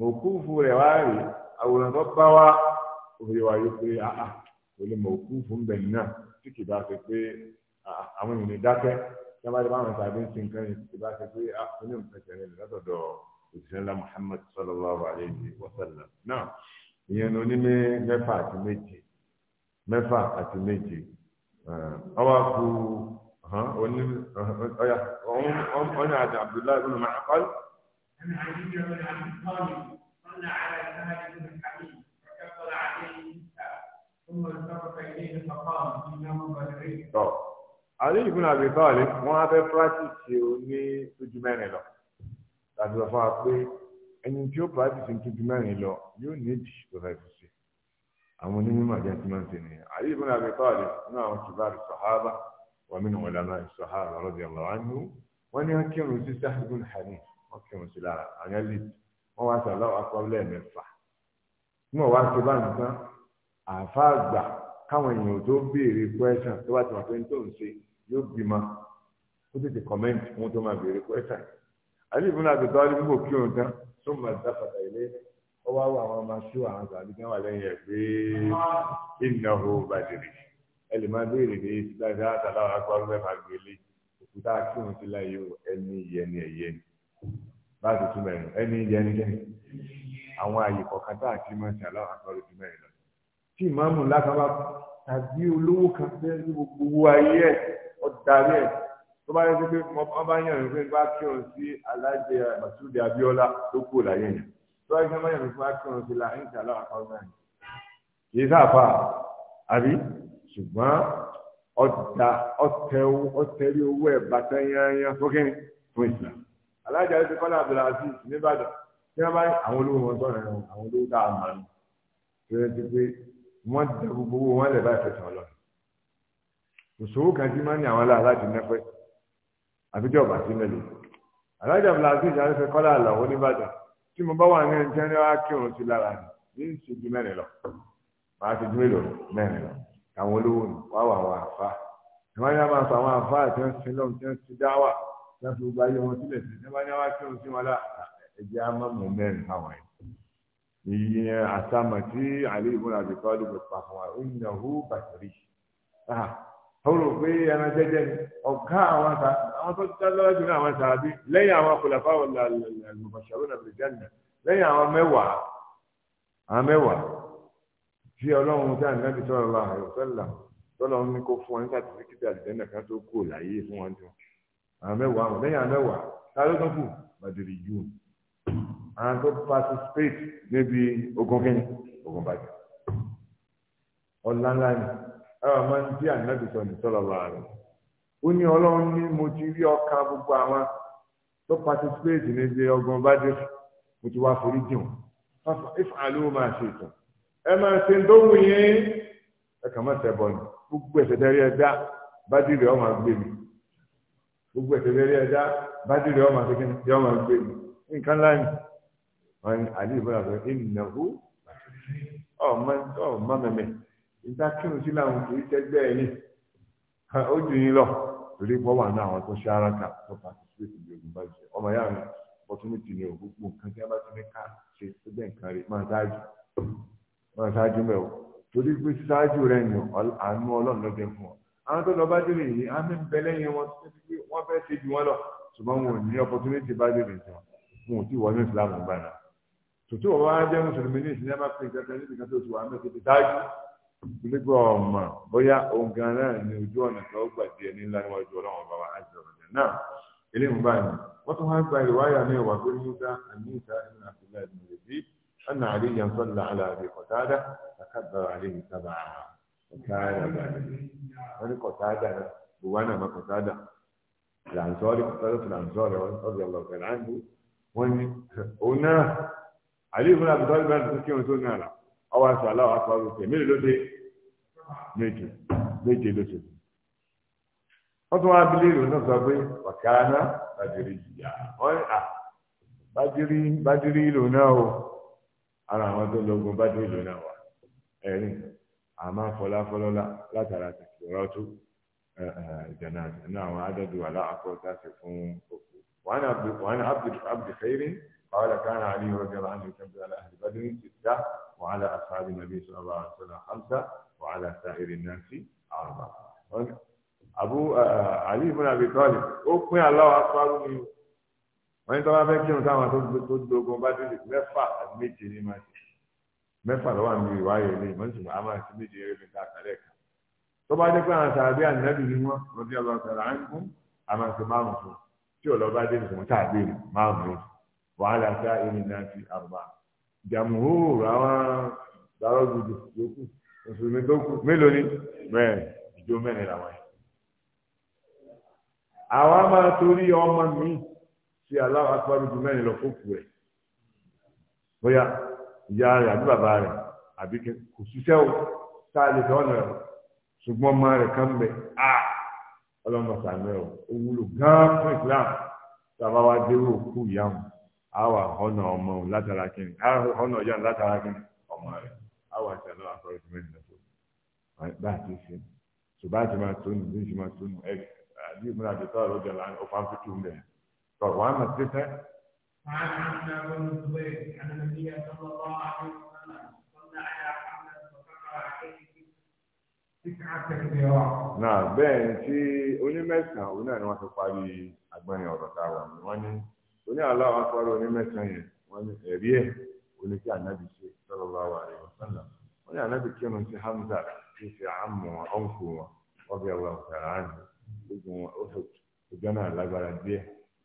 mawquf rẹ̀ wá rè àwòrán tó bá wa ó fi yé pé àà kò lè mawquf ń bẹ̀ náà tí kì òṣìṣẹ́ ńlá Muhammad sallallahu alayhi wa sallam náà ìyẹn ní onímẹ mẹ́fà àti méje mẹ́fà àti méje ọwọ́ kú ọ̀nà àti Abdullahi bin Mahakal. ثم التفت إليه فقال إنه بلغيك. طب علي بن أبي طالب ما في براتيكي وني تجمعني له láti lọ fún wa pé ẹni tí ó practice ní twenty mẹ́rin lọ yóò ní èdè tó fẹ́ fi ṣe àwọn onímọ̀ àti ẹ̀sìn máa ń ṣe nìyẹn àyè ìbọn àbí káàdì nínú àwọn kìbáàrì sàhábà wà mí nìwọ̀n lánàá sàhábà radiyallahu anhu wọ́n ní wọ́n kírun sí sáhìbùn hàní wọ́n kírun sí lára àwọn ẹlẹ́t wọ́n wá sàlọ́ akọ́lẹ́ mẹ́fà níwọ̀n wá sí báyìí tán àáfàá àgbà káwọn èèyàn tó béèrè kwẹ́sàn tó bá ti wà pé ń tó ń ṣe yóò bímọ ó tètè kọ́mẹ́ǹtì wọn tó máa béèrè kwẹ́sàn yìí àbí ìbùnà àgbẹ̀tọ́ alẹ́ fún òkè òun tán tó mọ̀ dáfàtà ilé ó wá wọ àwọn ọmọ sí àwọn àgbà àbíkẹ́ wà lẹ́yìn ẹ̀ pé ìnáwó bàjẹ́rì ẹ lè máa béèrè ní ìdájọ́ àtàláwà akọ́rọ́ mẹ́fà gbélé òkúta kí òun ti láyé ẹni yẹni ẹ̀yẹ ni bá a ti túmọ̀ ẹ̀rù ẹni yẹni yẹni àwọn àyè kọ̀ọ̀kan tá àti máa ṣe aláwọ̀ akọ́rọ́ ju mẹ́rin lọ tí ìmáàmù lákàbà tàbí olówó kan fẹ́ẹ́ gbogbo ayé ẹ̀ ọ̀ tó bá yẹ pé wọ́n bá yàn pé bá kírun sí alájẹ eh, Masudi Abiola tó kú láyé yẹn tó bá yẹ pé wọ́n yàn pé bá kírun sí la ń tàlọ́ àkọ́gbà yẹn kì í sáfà àbí ṣùgbọ́n ọ̀tà ọ̀tẹ̀rí owó ẹ̀ bàtà yányá fókẹ́ni fún ìsìlá alájà ló ti kọ́lá Abdulaziz nìbàdàn tí wọ́n bá àwọn olówó wọn sọ̀rọ̀ ẹ̀rọ àwọn olówó tá a mọ̀ ní tó yẹ ti pé wọ́n dẹ gbogbo owó wọn lè bá ìfẹsẹ̀ ọlọ́run kò sówó kan tí máa ń ní àwọn aláàlájì nẹ́fẹ̀ẹ́ àfi tí ọba sí mẹ́lẹ̀ alájà blazil àrífẹ́ kọ́lá àlàó nìbàdàn tí mo bá wà ní ẹni tí wọ́n wá kírun sí lára ní ní ìṣèjú mẹ́rin lọ màá ṣe ju mélòó mẹ́rin lọ àwọn olówó ni wá wà wà àfa ìwọ́n ní a máa fa àwọn àfa àti wọ́n ti lọ́wọ́ tí wọ́n ti dá wà tí wọ́n fi gba ayé wọn sílẹ̀ sí ní wọ́n ní wá kírun sí wọn lá ẹ̀jẹ̀ á má mú mẹ́rin àwọn yìí ìyẹn àtàmà tí àlè ìbúra àti kọ́lù bẹ̀ pa fún wa ó yìnbọn hó bàtẹ́rì. ó rò pé ẹran jẹjẹ ọ̀gá àwọn ta àwọn tó dálára jù náà àwọn sàábí lẹ́yìn àwọn akọlàfà àlùmọ̀ṣàrò nàbẹ̀rẹ̀ jáde lẹ́yìn àwọn mẹ́wàá àwọn mẹ́wàá tí ọlọ́run tí ànábì sọ̀rọ̀ lọ àrùn sọ́là tọ́lọ́ ní kó fún ọ ní sàtìfíkìtì àdìdẹ́nà kan tó kú láyé fún wọn tó àwọn mẹ́wàá àwọn lẹ́yìn àwọn mẹ́wàá ta ló tó kù bàdìrì yù àwọn tó participate níbi ogun kínní ogun bàjẹ́ ọ̀la ńlá ni ẹ̀rọ máa ń bí ànábì sọ̀rọ̀ ó ní ọlọ́run ní mo ti rí ọkàn gbogbo àwọn tó participate níbi ọgbọ́n bá dé mo ti wá forí jìn wọn ìfàlù máa ṣe ìtàn ẹ máa ṣe tó wù yín ẹ kàn máa tẹ̀bọ̀ ní gbogbo ẹ̀sẹ̀ tẹ́lẹ̀ ẹ̀dá bá dìrẹ̀ ọ̀ máa gbé mi gbogbo ẹ̀sẹ̀ tẹ́lẹ̀ ẹ̀dá bá dìrẹ̀ ọ̀ máa ṣe kí ni máa gbé mi nǹkan láì wọn ni àlè ìbọn àgbẹ̀ ìnáwó ọmọ ọmọ mẹ́mẹ́ ìdákírun torí pọ́ wà náà àwọn tó ṣe ara kà tó participate ní ogun báyìí ṣe ọmọ yàrá opportunity ni o gbogbo nǹkan tí a bá ti ní ká ṣe tó jẹ́ nǹkan rẹ̀ máa ṣáájú máa ṣáájú mẹ́ o torí pé ṣáájú rẹ̀ ni àánú ọlọ́run ló jẹ fún ọ àwọn tó lọ bá délé yìí á ní bẹ lẹ́yìn wọn pé wọ́n fẹ́ ṣe ju wọn lọ ṣùgbọ́n wọn ò ní opportunity bá délé jọ wọn ò tí wọ́n ní ìsìlámù gbà náà tòtí wọn wá jẹ́ mùsùlùmí ní ìsìlámù pé ìjọba gbígbọ́ ọmọ bóyá oǹkan náà ní ojú ọ̀nà tó gbà díẹ̀ nílá níwájú ọlọ́run ọba wa àti ọ̀rọ̀dẹ̀ náà eléyìí báyìí wọ́n tún wá gba ìwáyà ní ìwà pé musa anisa ibn abdullahi ibn yazid anna aliyan salla ala abi qatada takabbara alayhi sab'a qatada wọ́n ní qatada buwa náà ma qatada lansori qatada tó lansori wọ́n sọ́dọ̀ yàrá ọ̀gá láńdú wọ́n ní òun náà aliyu ibn abdullahi ibn yazid kí ọwọ́ aṣọ aláwọ̀ akọ ọ̀rọ̀ pé mélòó ló dé méje méje ló ṣe. wọ́n tún wá abilé ìlú náà sọ pé wàkàrà bàdìrí ìyá wọ́n à bàdìrí bàdìrí ìlú náà o ara àwọn tó lọ gun bàdìrí ìlú náà wà ẹ̀rín àmọ́ fọláfọlọ́lá látara tẹ̀síwọ́rọ́ tó ìjànà àtẹnú àwọn adọ́dù aláàkọ́ sáṣẹ fún òkú. وعن عبد وعن عبد عبد خير قال كان علي رضي الله عنه يكمل على اهل بدر سته وعلى أصحاب النبي صلى الله عليه وسلم خمسة وعلى سائر الناس أربعة Abu Ali ibn Abi Talib ó pín aláwọ̀ apárú ni wọ́n ní tí wọ́n fẹ́ kírun táwọn tó dogun bá délé mẹ́fà méje ní máa ṣe mẹ́fà lọ́wọ́ àmì ìwáyé ilé ìmọ̀ nítorí àmà àti méje eré mi káàkà lẹ́ẹ̀ka tó bá dé pé àwọn sàbí ànábì ni wọ́n lọ́dí ọlọ́run sọ̀rọ̀ à ń kún àmà àti márùn-ún tí ò lọ́ bá délé fún tàbí márùn-ún wàhálà sáà ìrìn náà fi àrùbá jàmùhúrù àwọn dàrọ́ gbùdù yòókù mùsùlùmí tó kù mélòó ni mẹ́rin ìjọ mẹ́rin làwọn yẹn. àwa máa torí ọmọ mi ṣe aláwọ̀ akpárùkù mẹ́rin lọ fókù rẹ̀ bóyá ìyá rẹ̀ àbí bàbá rẹ̀ àbí kò ṣiṣẹ́ o tá a lè fẹ́ ọ̀nà rẹ̀ ṣùgbọ́n ọmọ rẹ̀ kan bẹ̀ á ọlọ́mọ sàmẹ́ o ó wúlò gán fún ìsìlámù tàbá wa dérò òkú ìyá wọn. Awa ọ̀nà ọmọ latara látara kí ni ọ̀nà ọ̀yá látara kí ni ọmọ rẹ̀ a ti ṣe ṣùgbọ́n máa bí ṣe máa tó tọ́ ọ̀rọ̀ ọ̀fà fi ṣe fẹ́. náà bẹ́ẹ̀ ni tí onímẹ̀sán òun ni wọ́n ti parí ọ̀rọ̀ wọ́n ní onye aláwọ̀ akọ́rọ̀ onímẹ̀sán yẹn wọ́n ní ẹ̀rí ẹ̀ oní kí ànábì ṣe sọ̀rọ̀ wá wà Hamza tí ṣe àmọ̀ wọn ọ̀nkù wọn ọbẹ̀ wà ọ̀tàrà àná gbogbo wọn die na ìjọ náà lágbára díẹ̀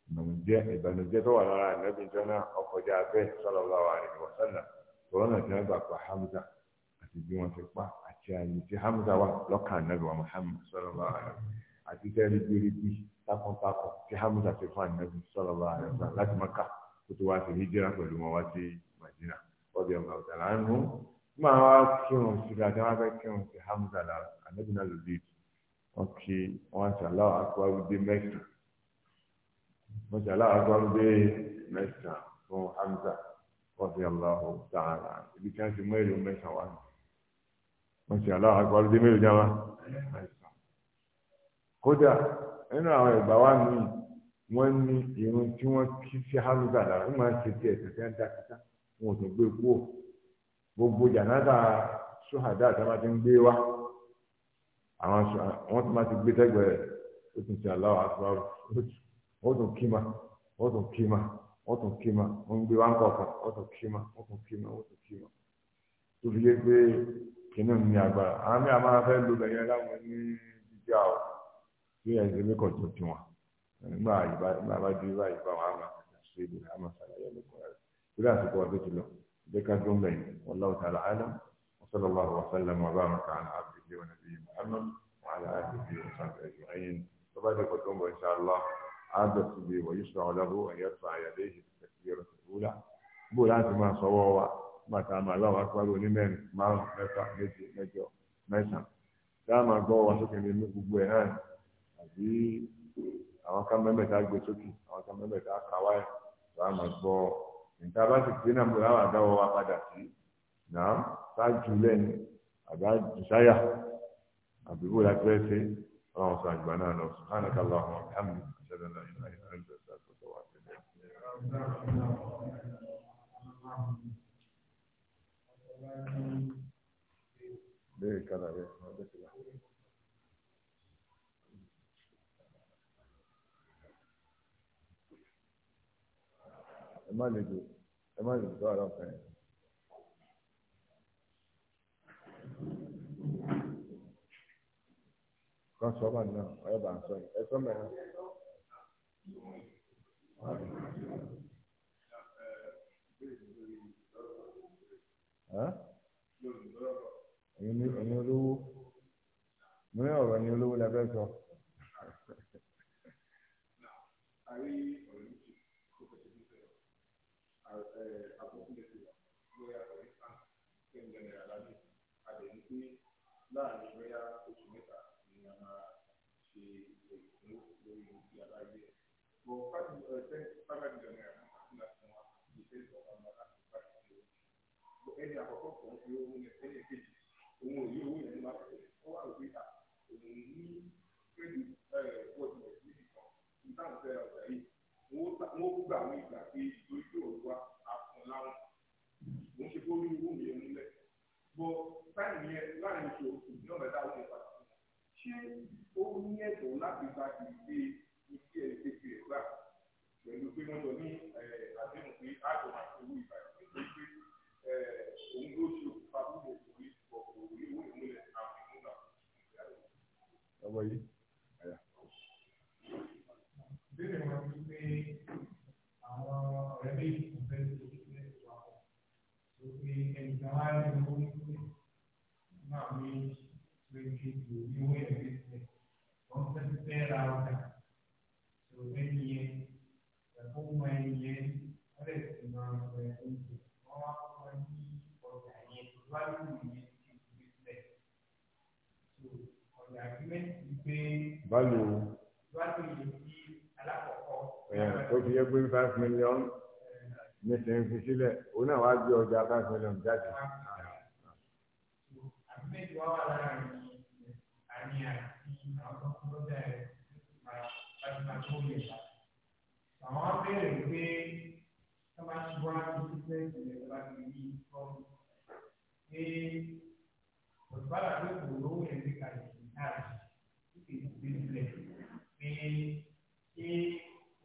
ìbànújẹ́ ìbànújẹ́ tó wà lára ànábì ìjọ náà ọkọjá abẹ́ sọ̀rọ̀ Hamza ti Hamza wa anabi wa Muhammad takuntakun tí Hamza ti fún ànábì sallallahu alaihi wasallam láti Mákà tó ti wá sí hijira pẹ̀lú wọn wá sí Madina ọdẹ ọgbà ọdẹ lánàá máa wá kírun síbi àti wọn fẹ́ kírun sí Hamza lára ànábì náà lòdì wọn kí wọn ṣàlàwọ akọwédé mẹ́sàn wọn ṣàlàwọ akọwédé mẹ́sàn fún Hamza ọdẹ ọlọrun tààrà ibi tí wọn ti mú èrò mẹ́sàn wá wọn ṣàlàwọ akọwédé mẹ́sàn wá mẹ́sàn kódà. nínú àwọn ìgbà wa mi wọ́n ní irun tí wọ́n kí sí hamza lára máa ń ṣe tiẹ̀ gbogbo jàǹdà sóhàdá àti ti ń gbé wa. àwọn wọn ti máa ti gbé tẹ́gbẹ̀ẹ́ otu ó tún ti aláwọ̀ àtúwárò ó tún kí ma ó tún kí ma ó tún kí ma ó ń gbé ń ó tún kí ma ó tún kí ma ó tún kí ma tó fi bí ẹ̀ ṣe mẹ́kọ̀ọ́ tó ti wọn nígbà bá ju ibà yìí bá wọn àmà ṣe ibi àmà ṣàlàyé ẹ̀lẹ́kùn rẹ̀ lórí àsìkò ọdún ti lọ jẹ́ ká tó ń bẹ̀yìn wallahu ta'ala a'lam wa sallallahu wa sallam wa baraka ala abdihi wa nabiyyi muhammad wa ala alihi wa sahbihi ajma'in tó bá dẹ̀kọ̀ tó ń bọ̀ insha allah عاد به ويشرع له أن يرفع يديه التكبيرة الأولى بولات ما صووا ما تعمى الله أكبر لمن ما نفع نجي نجو نسم تعمى قوة سكن المقبوهان àbí àwọn kan mẹ́mẹ́ta gbé sókè àwọn kan mẹ́mẹ́ta kàwá ẹ̀ tó a máa gbọ́ níta bá sì pé náà mo láwọn àdáwọ̀ wa padà sí náà ṣáájú lẹ́nu àbá jùsáyà àbí bó la fẹ́ ṣe ọlọ́run sọ àgbà náà lọ sùn hàn kàlọ́ àwọn àmì ìṣẹ̀lẹ̀ náà ìlànà ìlànà ìṣẹ̀lẹ̀ tó wà sílẹ̀. Bẹ́ẹ̀ kálá bẹ́ẹ̀. ẹ má lè lò ẹ má lè lò àrà ọ̀fẹ́ yẹn. kan sọ ma nà ọ yẹ bá ń sọ yìí ẹ sọ mẹ́rin. ẹ̀yin olówó mo ní ọ̀rọ̀ ẹ̀yin olówó lẹ́fẹ̀ẹ́ sọ àkókò lè fi wà lóyà for instance ten naira lálẹ́ àdéhùn pé láàrin bóyá oṣù mẹ́ta ni a máa ṣe ìpínlẹ̀ lórí ti aláìlẹ̀ bọ̀ five hundred naira náà àti láti wọn ní ten thousand naira àti five hundred naira ẹni àkọ́kọ́ kan fi owó yẹn ẹni kejì òun ò yí owó yẹn máa fẹ́ ọ wà lórí ìta wọ́n gbúgbà àwọn ìgbà pé ìtòrí pé òun wá àfọ̀n láwọn mo ń ṣe kó rí owó mi yẹn múlẹ̀ bọ́ táìmù yẹn láàrin oṣù oṣù ní ọ̀rẹ́ dáhùn ní padà ṣé ó ní ẹ̀tọ́ láti gba ìdílé ìdílé kékeré gbà pẹ̀lú pé wọ́n jọ ní àdéhùn pé àjọ máa ṣe owó ìgbà yẹn nítorí pé òun ló ṣe òkúta púpọ̀ òní ọ̀pọ̀ òní owó ìmúlẹ̀ àwọn ìmúlẹ̀ àwọn ìmúlẹ̀ pé àwọn ọ̀rẹ́ méjì kò fẹ́ lè ṣe ilé ìwà pọ̀ tó pé ẹnì kan wá ní owó nípé náà méjì pé kejì ò ní owó ẹ̀rí sílẹ̀ wọ́n fẹ́ fẹ́ ra ọjà tó lẹ́yìn yẹn ẹ̀kọ́ mọ ti alákọ̀ọ́ tó fi yẹ pé five million ní sẹ́yìn fi sílẹ̀ òun náà wá gbé ọjà five million jáde. Àwọn abẹ́rẹ́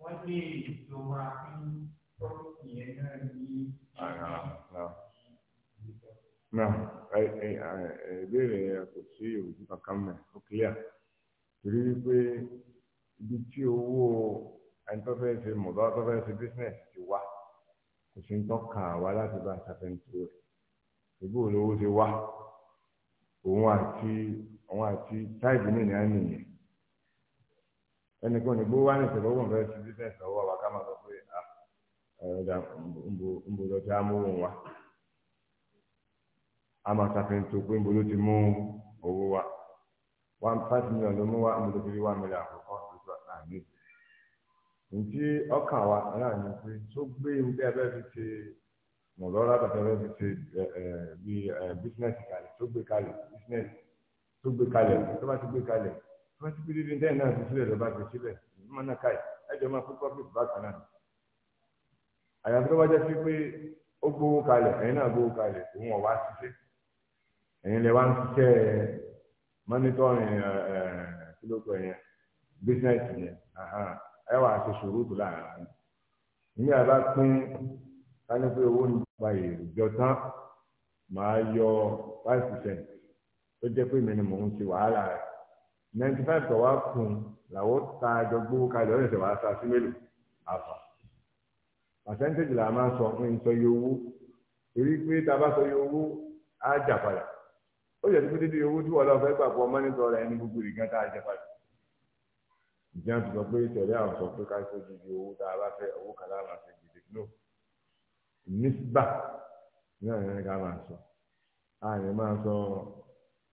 wọ́n lè lo máa fi tọ́lùkì yẹn náà ní. náà ìbéèrè kò sí òjú kankan mẹ́ ó clear torí wípé ibi tí owó ẹni tó fẹ́ ṣe mọ̀dọ́ tó fẹ́ ṣe business ti wá kò sí ń tọ́ka wá láti bá ṣàfẹ́ǹtì rẹ̀ ìbú olówó ti wá òun àti òun àti táìpì mìíràn nìyẹn. ẹnìkan òyìnbó wá ní ìṣẹ̀lẹ̀ owó nǹkan ti bísẹ̀nsì ọwọ́ wa ká máa sọ pé ọ̀dà ń a máa ṣàfihàn tó pé ti mú owó wa one five million ló mú wa ń ti rí one million nti ọkà wa náà ní pé tó gbé ibi abẹ́ fi ṣe mọ̀lọ́rà tàbí abẹ́ fi ṣe bísínẹ́sì kalẹ̀ tó gbé kalẹ̀ bísínẹ́sì tó gbé kalẹ̀ tó bá ti gbé wọ́n ti bíi dídí náà ti sílẹ̀ lọ́ba ti sílẹ̀ mọ́nà káì ẹjọ́ máa fún profit bákan náà. àyàfi tó bá jẹ́ sí pé ó gbowó kalẹ̀ ẹ̀yin náà gbowó kalẹ̀ òun ọ̀wá ṣiṣẹ́ ẹ̀yin lè wá ń ṣiṣẹ́ mọ́nítọ́rìn kílókọ̀ yẹn bísínẹ́sì yẹn ẹ ṣe ṣòro tó láàárín. pín pé owó tán yọ five percent tó jẹ́ pé mi ni mò ninety five tó wá kùn làwọn ta àjọ gbówó kalẹ̀ ọ̀rẹ́ ìṣẹ̀ wàá sa sí mélòó àfà percentage là máa sọ fún ìsọ iye owó torí pé tá a bá sọ iye owó á jà padà ó yẹ kí dídí owó tí wọn lọ fẹ́ gbà pọ̀ mọ́nítọ̀ rẹ̀ ní gbogbo ìgbà tá a jẹ padà ìjẹun ti sọ pé tẹ̀lé àwọn sọ pé ká sọ gidi owó tá a bá fẹ́ owó kan láwọn àti gidi no nísbà náà ní ká máa sọ àyè máa sọ.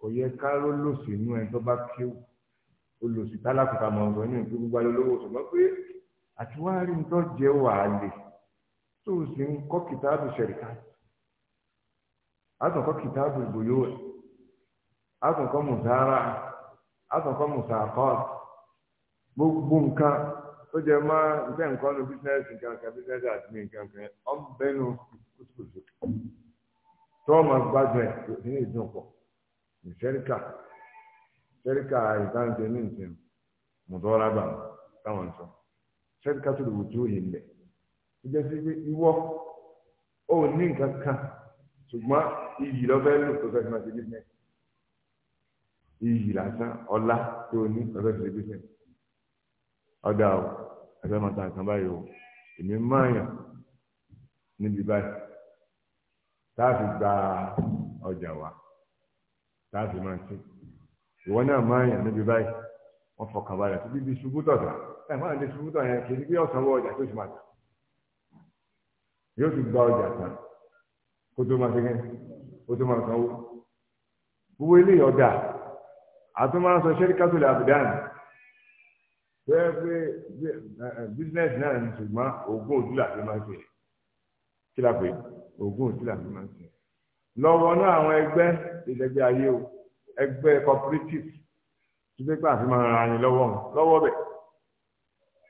kò yẹ káró lòsì inú ẹ tó bá kéwù olòsì tálákùtà mọ̀ ọ̀rọ̀ inú ìpín gbogbo alólówó ṣùgbọ́n pé àtiwárí ń tọ́ jẹ́ wàhálẹ̀ tó o sì ń kọ́ kìtáàbù ṣẹ̀ríkà àtọ̀kọ́ kìtáàbù ìgbòyó ẹ̀ àtọ̀kọ́ mùsàárà àtọ̀kọ́ mùsàkọ́ gbogbo nǹkan tó jẹ mọ́ ìgbẹ́ nǹkan ní bísíǹsì nǹkan kan bísíǹsì àti mi nǹkan kan ọ̀bẹ́nu kùtùkùtù tó ọmọ gbádùn ẹ̀ ní ìdùn pọ̀ ṣẹ́ríkà ṣẹ́ríkà ìtànṣe ní ìsìn mọ̀tọ́rábà táwọn ń sọ ṣẹ́ríkà tó lè wò tí ó yẹ lẹ̀ ó jẹ́ sí pé ìwọ ò ní nǹkan kan ṣùgbọ́n iyì lọ́fẹ́ lò tó fẹ́ fi máa ṣe business iyì lásán ọlá tó ní lọ́fẹ́ ṣe business ọ̀dà o ẹgbẹ́ máa ta nǹkan báyìí o èmi máa yàn níbi báyìí táà fi gba ọjà wa láti máa ti ìwọ náà máa yàn níbi báyìí wọ́n fọkàn balẹ̀ tó bíbi ṣubú tọ̀tà ẹ̀ máa ní ṣubú tọ̀ yẹn kì í gbé ọ̀sán wọ ọjà tó ti máa tà yóò ti gba ọjà tán kó tó máa ṣẹ́gẹ́ kó tó máa sanwó gbogbo eléyìí ọjà àtúmọ̀ sọ ṣẹ́ríkàtò lè àbùdá nì bẹ́ẹ̀ pé bísínẹ́sì náà ní ṣùgbọ́n ogún òdúlà ló máa ń ṣe kí la pè ogún òdúlà ló máa ń ṣe lọ wọnú àwọn ẹgbẹ́ ìdẹ́gbẹ́ ayé o ẹgbẹ́ cooperative tó fẹ́ pé àfi máa ra ni lọ́wọ́ lọ́wọ́ bẹ̀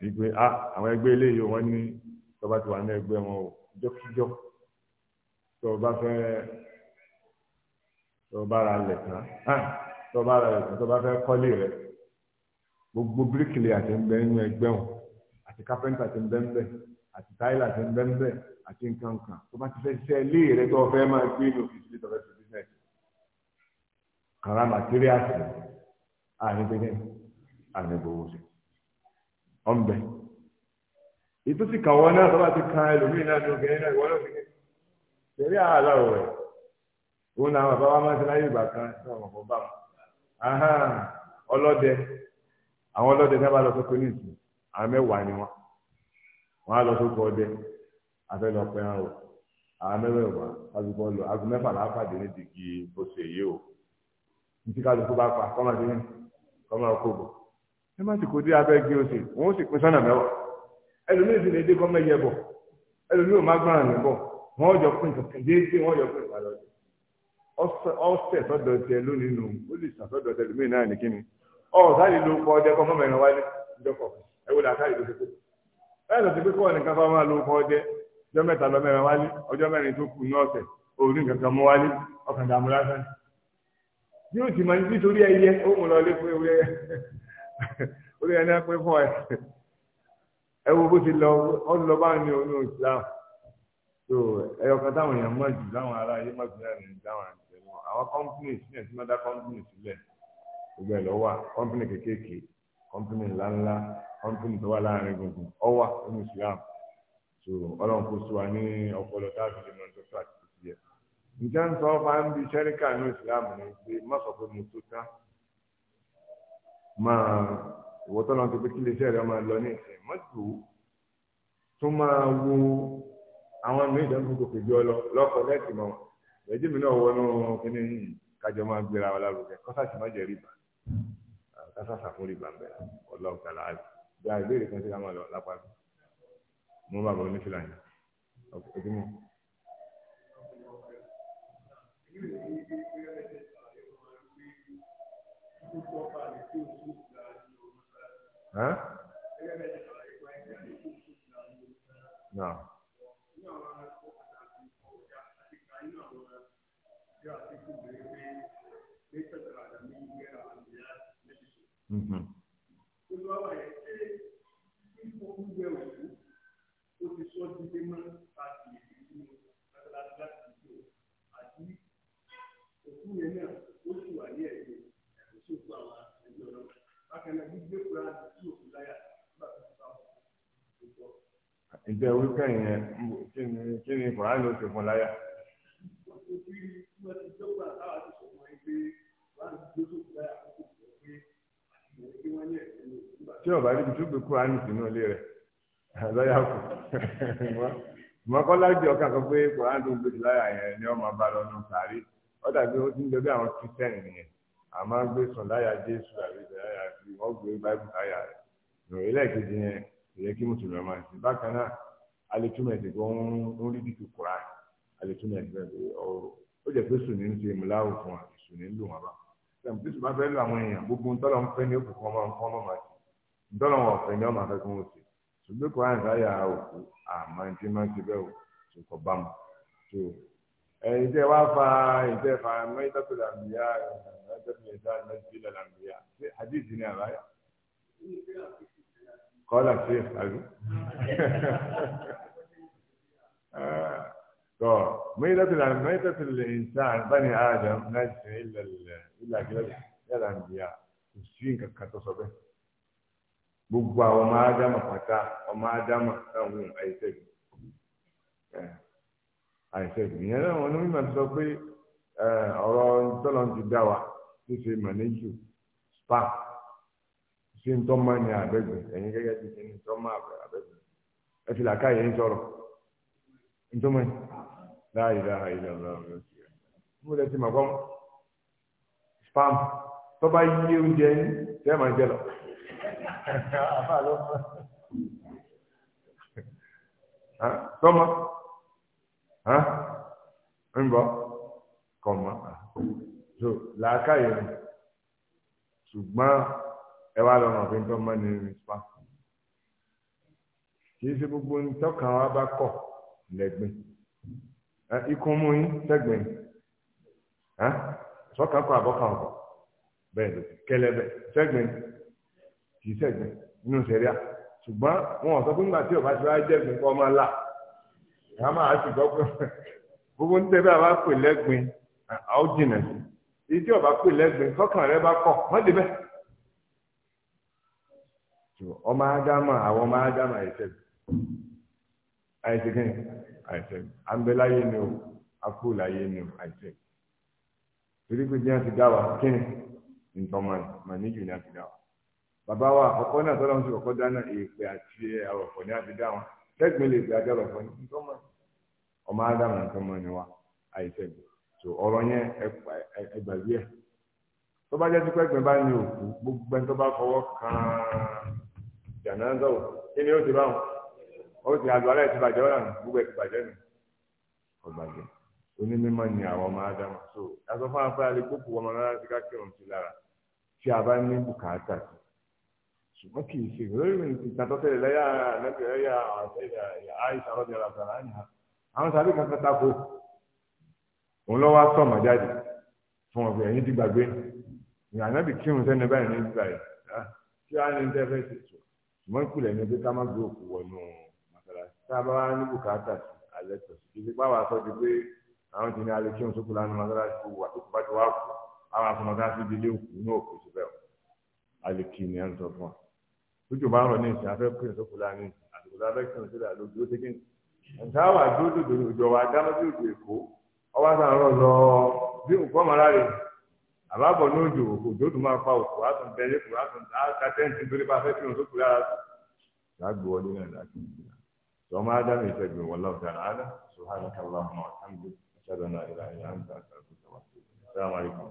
ìgbé ah, àwọn ẹgbẹ́ eléyìí wọ́n ní tọ́ba ti wà ní ẹgbẹ́ wọn o jọ́kíjọ́ tọ́ba fẹ́ tọ́ba ra lẹ̀ tán ah, tọ́ba ra lẹ̀ tán tọ́ba fẹ́ kọ́lé rẹ̀ gbogbo bíríkìlì àti ẹgbẹ́ nínú ẹgbẹ́ wọn àti kápẹ́ńtà ti ń bẹ́ńbẹ́ àti táìlà ti ń bẹ́ńbẹ́ àti nǹkan kan tó bá ti fẹ́ ṣiṣẹ́ ilé rẹ tó fẹ́ máa gbé ní òfìsì tó fẹ́ ṣe bísíǹsì kàrà màtíríàsì àníbẹ̀rẹ̀ àníbòwò sí ọ̀nbẹ. ètò sì kàn wọ́n náà tó bá ti kan ẹlòmíì náà tó gẹ̀ẹ́ náà ìwọ́n náà fi ṣẹ̀rí àhàlà rẹ̀ òun náà bàbá wa máa ń ṣe láyé ìgbà kan sí àwọn ọ̀pọ̀ báwọn ọlọ́dẹ àwọn ọlọ́dẹ náà bá lọ sóko ní ìsìn àwọn ni wọ́n wọ́n á lọ sóko ọdẹ afẹ́ lọ pẹ́ hàn o àwọn mẹ́wẹ̀ẹ̀wá kálukú lọ aago mẹ́fà láàpàdé ní dìgì oṣù èyí o ntí kálukú bá pa kọ́mọdé ní kọ́mọdé kò bọ̀ ẹ má ti kó dé abẹ́ gé oṣù wọn ó sì pín sọ́nà mẹ́wàá ẹlòmíì sì lè dé kọ́mọ yẹ bọ̀ ẹlòmíì ò má gbọ́ràn ní bọ̀ wọn jọ pín kankan déédéé wọn jọ pín ìpàdé ọ̀sẹ̀ sọ́dọ̀ tiẹ̀ lónìí nù ó lè sàtọ́dọ̀ tẹ̀ lómìnira náà ní kíni ọ̀ sáyé ló kọ́ ọdẹ kọ́ mọ́mọ́ ẹ̀ràn wálé ìjọkọ̀ ẹ wò lè àtàlẹ́ ló ti pé báyìí lọ sí pé kọ́ ọ̀nìkan fáwọn máa lo kọ́ ọdẹ ọjọ́ mẹ́ta lọ mẹ́rin wálé ọjọ́ mẹ́rin tó kù ní ọ̀sẹ̀ òórùn kankan mú wálé ọkàn dààmú lásán bí o sì mọ nítorí ẹyẹ ó mú lọ lé fún ewúrẹ́ orí ẹni á pé fún ẹ ẹ wo bó ti lọ ọ lọ bá ní onú Islam so ẹyọ kan táwọn èèyàn mọ̀ jù láwọn ará ayé mọ̀ jù láwọn èèyàn dáwọn àti ẹnu àwọn kọ́mpìnì sílẹ̀ tí wọ́n dá kọ́mpìnì sílẹ̀ gbogbo ẹ̀ lọ́wọ́ kọ́mpìnì kékèké kọ́mpìnì ńláńlá kọ́mpìnì tó wà láàrin gbùngbùn ọwà onú Islam so ọlọ́run kò sọ wa ní ọpọlọ táàbí lè máa ń tọ́sọ àti títí yẹ nǹkan ń sọ máa ń bi sẹ́ríkà ní ìsìláàmù ni pé má sọ pé mo tó tán máa ìwọ tọ́lọ́ tó pé kí lè sẹ́rẹ̀ máa lọ ní ìsìn mọ́tò tó máa wo àwọn àmì ìdánwò kò pèjọ lọ lọ́kọ̀ lẹ́ẹ̀kì mọ́ ẹ̀jẹ̀ mi náà wọnú kíní yìí kájọ máa gbéra wa lárugẹ kọ́sàtì má jẹ́ rìbá kásásà fún rìbá ń bẹ̀rẹ̀ làálù bí a ìbéèrè kan sí ká máa lọ lápá mú bàbá onífìlà yẹn ojúmọ́. No. Mm-hmm. ìgbẹ́ wípé yẹn kí ni kòránì ló ti fún láyà. tí ọba níbi tó gbé kúránì sínú ilé rẹ̀ lọ́yà kù mọ́kànlá jẹ́ ọkàn kan pé kòránì tó ń gbé láyà yẹn ni ọmọ bá lọ́nà sàárì ó dàbí ó ti ń bí àwọn kírísítẹ́nì nìyẹn àmọ́ gbé sùn láyà jésù àbí láyà wọ́n gbé láyà rẹ̀ ìròyìn lẹ́ẹ̀kejì yẹn máa ṣe bákan náà alẹ́túmọ̀ ẹ̀sìn tó ń rí bíi kura alẹ́túmọ̀ ẹ̀sìn tó ọ̀rọ̀ ó jẹ́ pé sùnì ń ṣe mìláwù fún wa sùnì ń lò wọn bá sẹ́mi tí sùnmọ́ fẹ́ lọ àwọn èèyàn gbogbo ntọ́lọ́ ń fẹ́ ní òkú kan máa ń kọ́ máa ti ntọ́lọ́ wọn ọ̀fẹ́ ní ọmọ afẹ́ kan ó ti ṣùgbọ́n kura ń sáyà òkú àmọ́ ẹni tí máa ń ṣe bẹ́ẹ̀ o tó kọ bá mu tó kọ́lá sí àlù. Ah, so mẹ́tẹ́tìlá mẹ́tẹ́tìlá ìsàn bani adam láti ṣe ilà kílẹ̀ yàrá nìyà kò sí nǹkan kan tó sọ bẹ́ẹ̀. gbogbo àwọn ọmọ ádámà pátá ọmọ ádámà táwọn àìsẹ́gun àìsẹ́gun ìyẹn náà wọn ní mímọ̀ sọ pé spa. sí ń tọ́mọ ní àbẹ́gbẹ̀ ẹ̀yin gẹ́gẹ́ bí ṣe ń tọ́mọ àbẹ́gbẹ̀ ẹ fi làákà yẹn sọ̀rọ̀ ń tọ́mọ yìí láàyè láàyè lọ́wọ́ mo lè ti mọ̀ kọ́ spam tó bá yí oúnjẹ yín tẹ́ máa jẹ lọ. tọ́mọ ń bọ̀ kọ̀ mọ́ so làákà yẹn ṣùgbọ́n ẹ wá lọ́mọ pé nítorí ọmọ ní rìsíwá kì í ṣe gbogbo nítọ́kàn wa bá kọ̀ lẹ́gbìn ikú mú yín sẹ́gbìn sọ́kàn kọ àbọ̀kàn ọ̀kọ̀ bẹ́ẹ̀ ló kẹlẹ́bẹ̀ sẹ́gbìn kì í sẹ́gbìn nínú sẹ́ríà ṣùgbọ́n wọn ò sọ pé nígbà tí ọba ti wá jẹ́gbìn kọ́ máa là ká máa ti gbọ́ pé gbogbo ń bá a bá pè lẹ́gbìn àwọn jìnà sí ìdí ọba pè lẹ́gbìn sọ́kàn rẹ bá kọ̀ mọ́ débẹ̀. ọmọ agama àwọn ọmọ agama àìsẹ̀bù àìsẹ̀kẹ́ni àìsẹ̀bù àmbẹ́láyé ni o akúláyé ni o àìsẹ̀bù torí pé bí wọ́n ti dá wa a ọkọ náà tọ́lá ń ọkọ dáná èèpẹ̀ àti a ti dá lè pè àti ọmọ agama ni wa tó yẹn tó bá jẹ́ bá ní jàǹdà ń sọ̀rọ̀ kí ni ó ti bá wọn ó ti àgbà láì ti bàjẹ́ ọ̀ràn gbogbo ti bàjẹ́ nù ọ̀bàjẹ́ onímọ̀ ni àwọn ọmọ ádámà so aṣọ fún afẹ́ alẹ́kókò ọmọ náà ti ká kírun sí lára tí a bá ní bùkátà sí ṣùgbọ́n kì í ṣe lórí ìtàtọ́tẹ̀lẹ̀ lẹ́yà lẹ́yà lẹ́yà àìsàn ọ̀dẹ̀ àlàfàlà àyà àwọn sàbí kan kan tako òun lọ́wọ́ sọ̀mọ̀ jáde fún ọ̀gbìn ẹ̀yìn ti gbàgbé ìyànnábì kírun sẹ́ni báyìí ní ìgbà yìí ah, kí á ṣùgbọ́n ìpìlẹ̀ ni pé ká má gbé òkú wọnú mọ́sálásí tá a bá wá ní bùkátà sí alẹ́ tọ̀ sí kí nípa wàá sọ ti pé àwọn ti ní alẹ́ kí òun sókù lánàá mọ́sálásí kó wà tó kó bá ti wá òkú àwọn afọ a di ilé òkú ní òkú síbẹ̀ o alẹ́ kí ni à ń sọ fún wa lójú bá rọ ní ìsìn afẹ́ kí òun sókù lánàá àtùkù lábẹ́ kí òun sílẹ̀ lójú ó ti kí ẹ̀ka wà dúró dòdò òjò wa dáná sí òjò èkó ọwọ́ sàn rọ̀ lọ bí òkú ọmọ àbábọ̀ ní òjò òjò tó máa pa òkú á tún bẹ́ẹ̀ kó á tún á ká tẹ́ǹtì nítorí bá fẹ́ kírun tó kú lára lágbo wọlé náà láti ìgbà tọ́mọ ádámù ìṣẹ́gun wọlé ọ̀gá àdá sùhánà kàlá ọmọ àtàǹdì ṣàdánà ìlànà àǹtà àtàkùn tàwọn àti ìṣẹ́ àwọn àríkàn.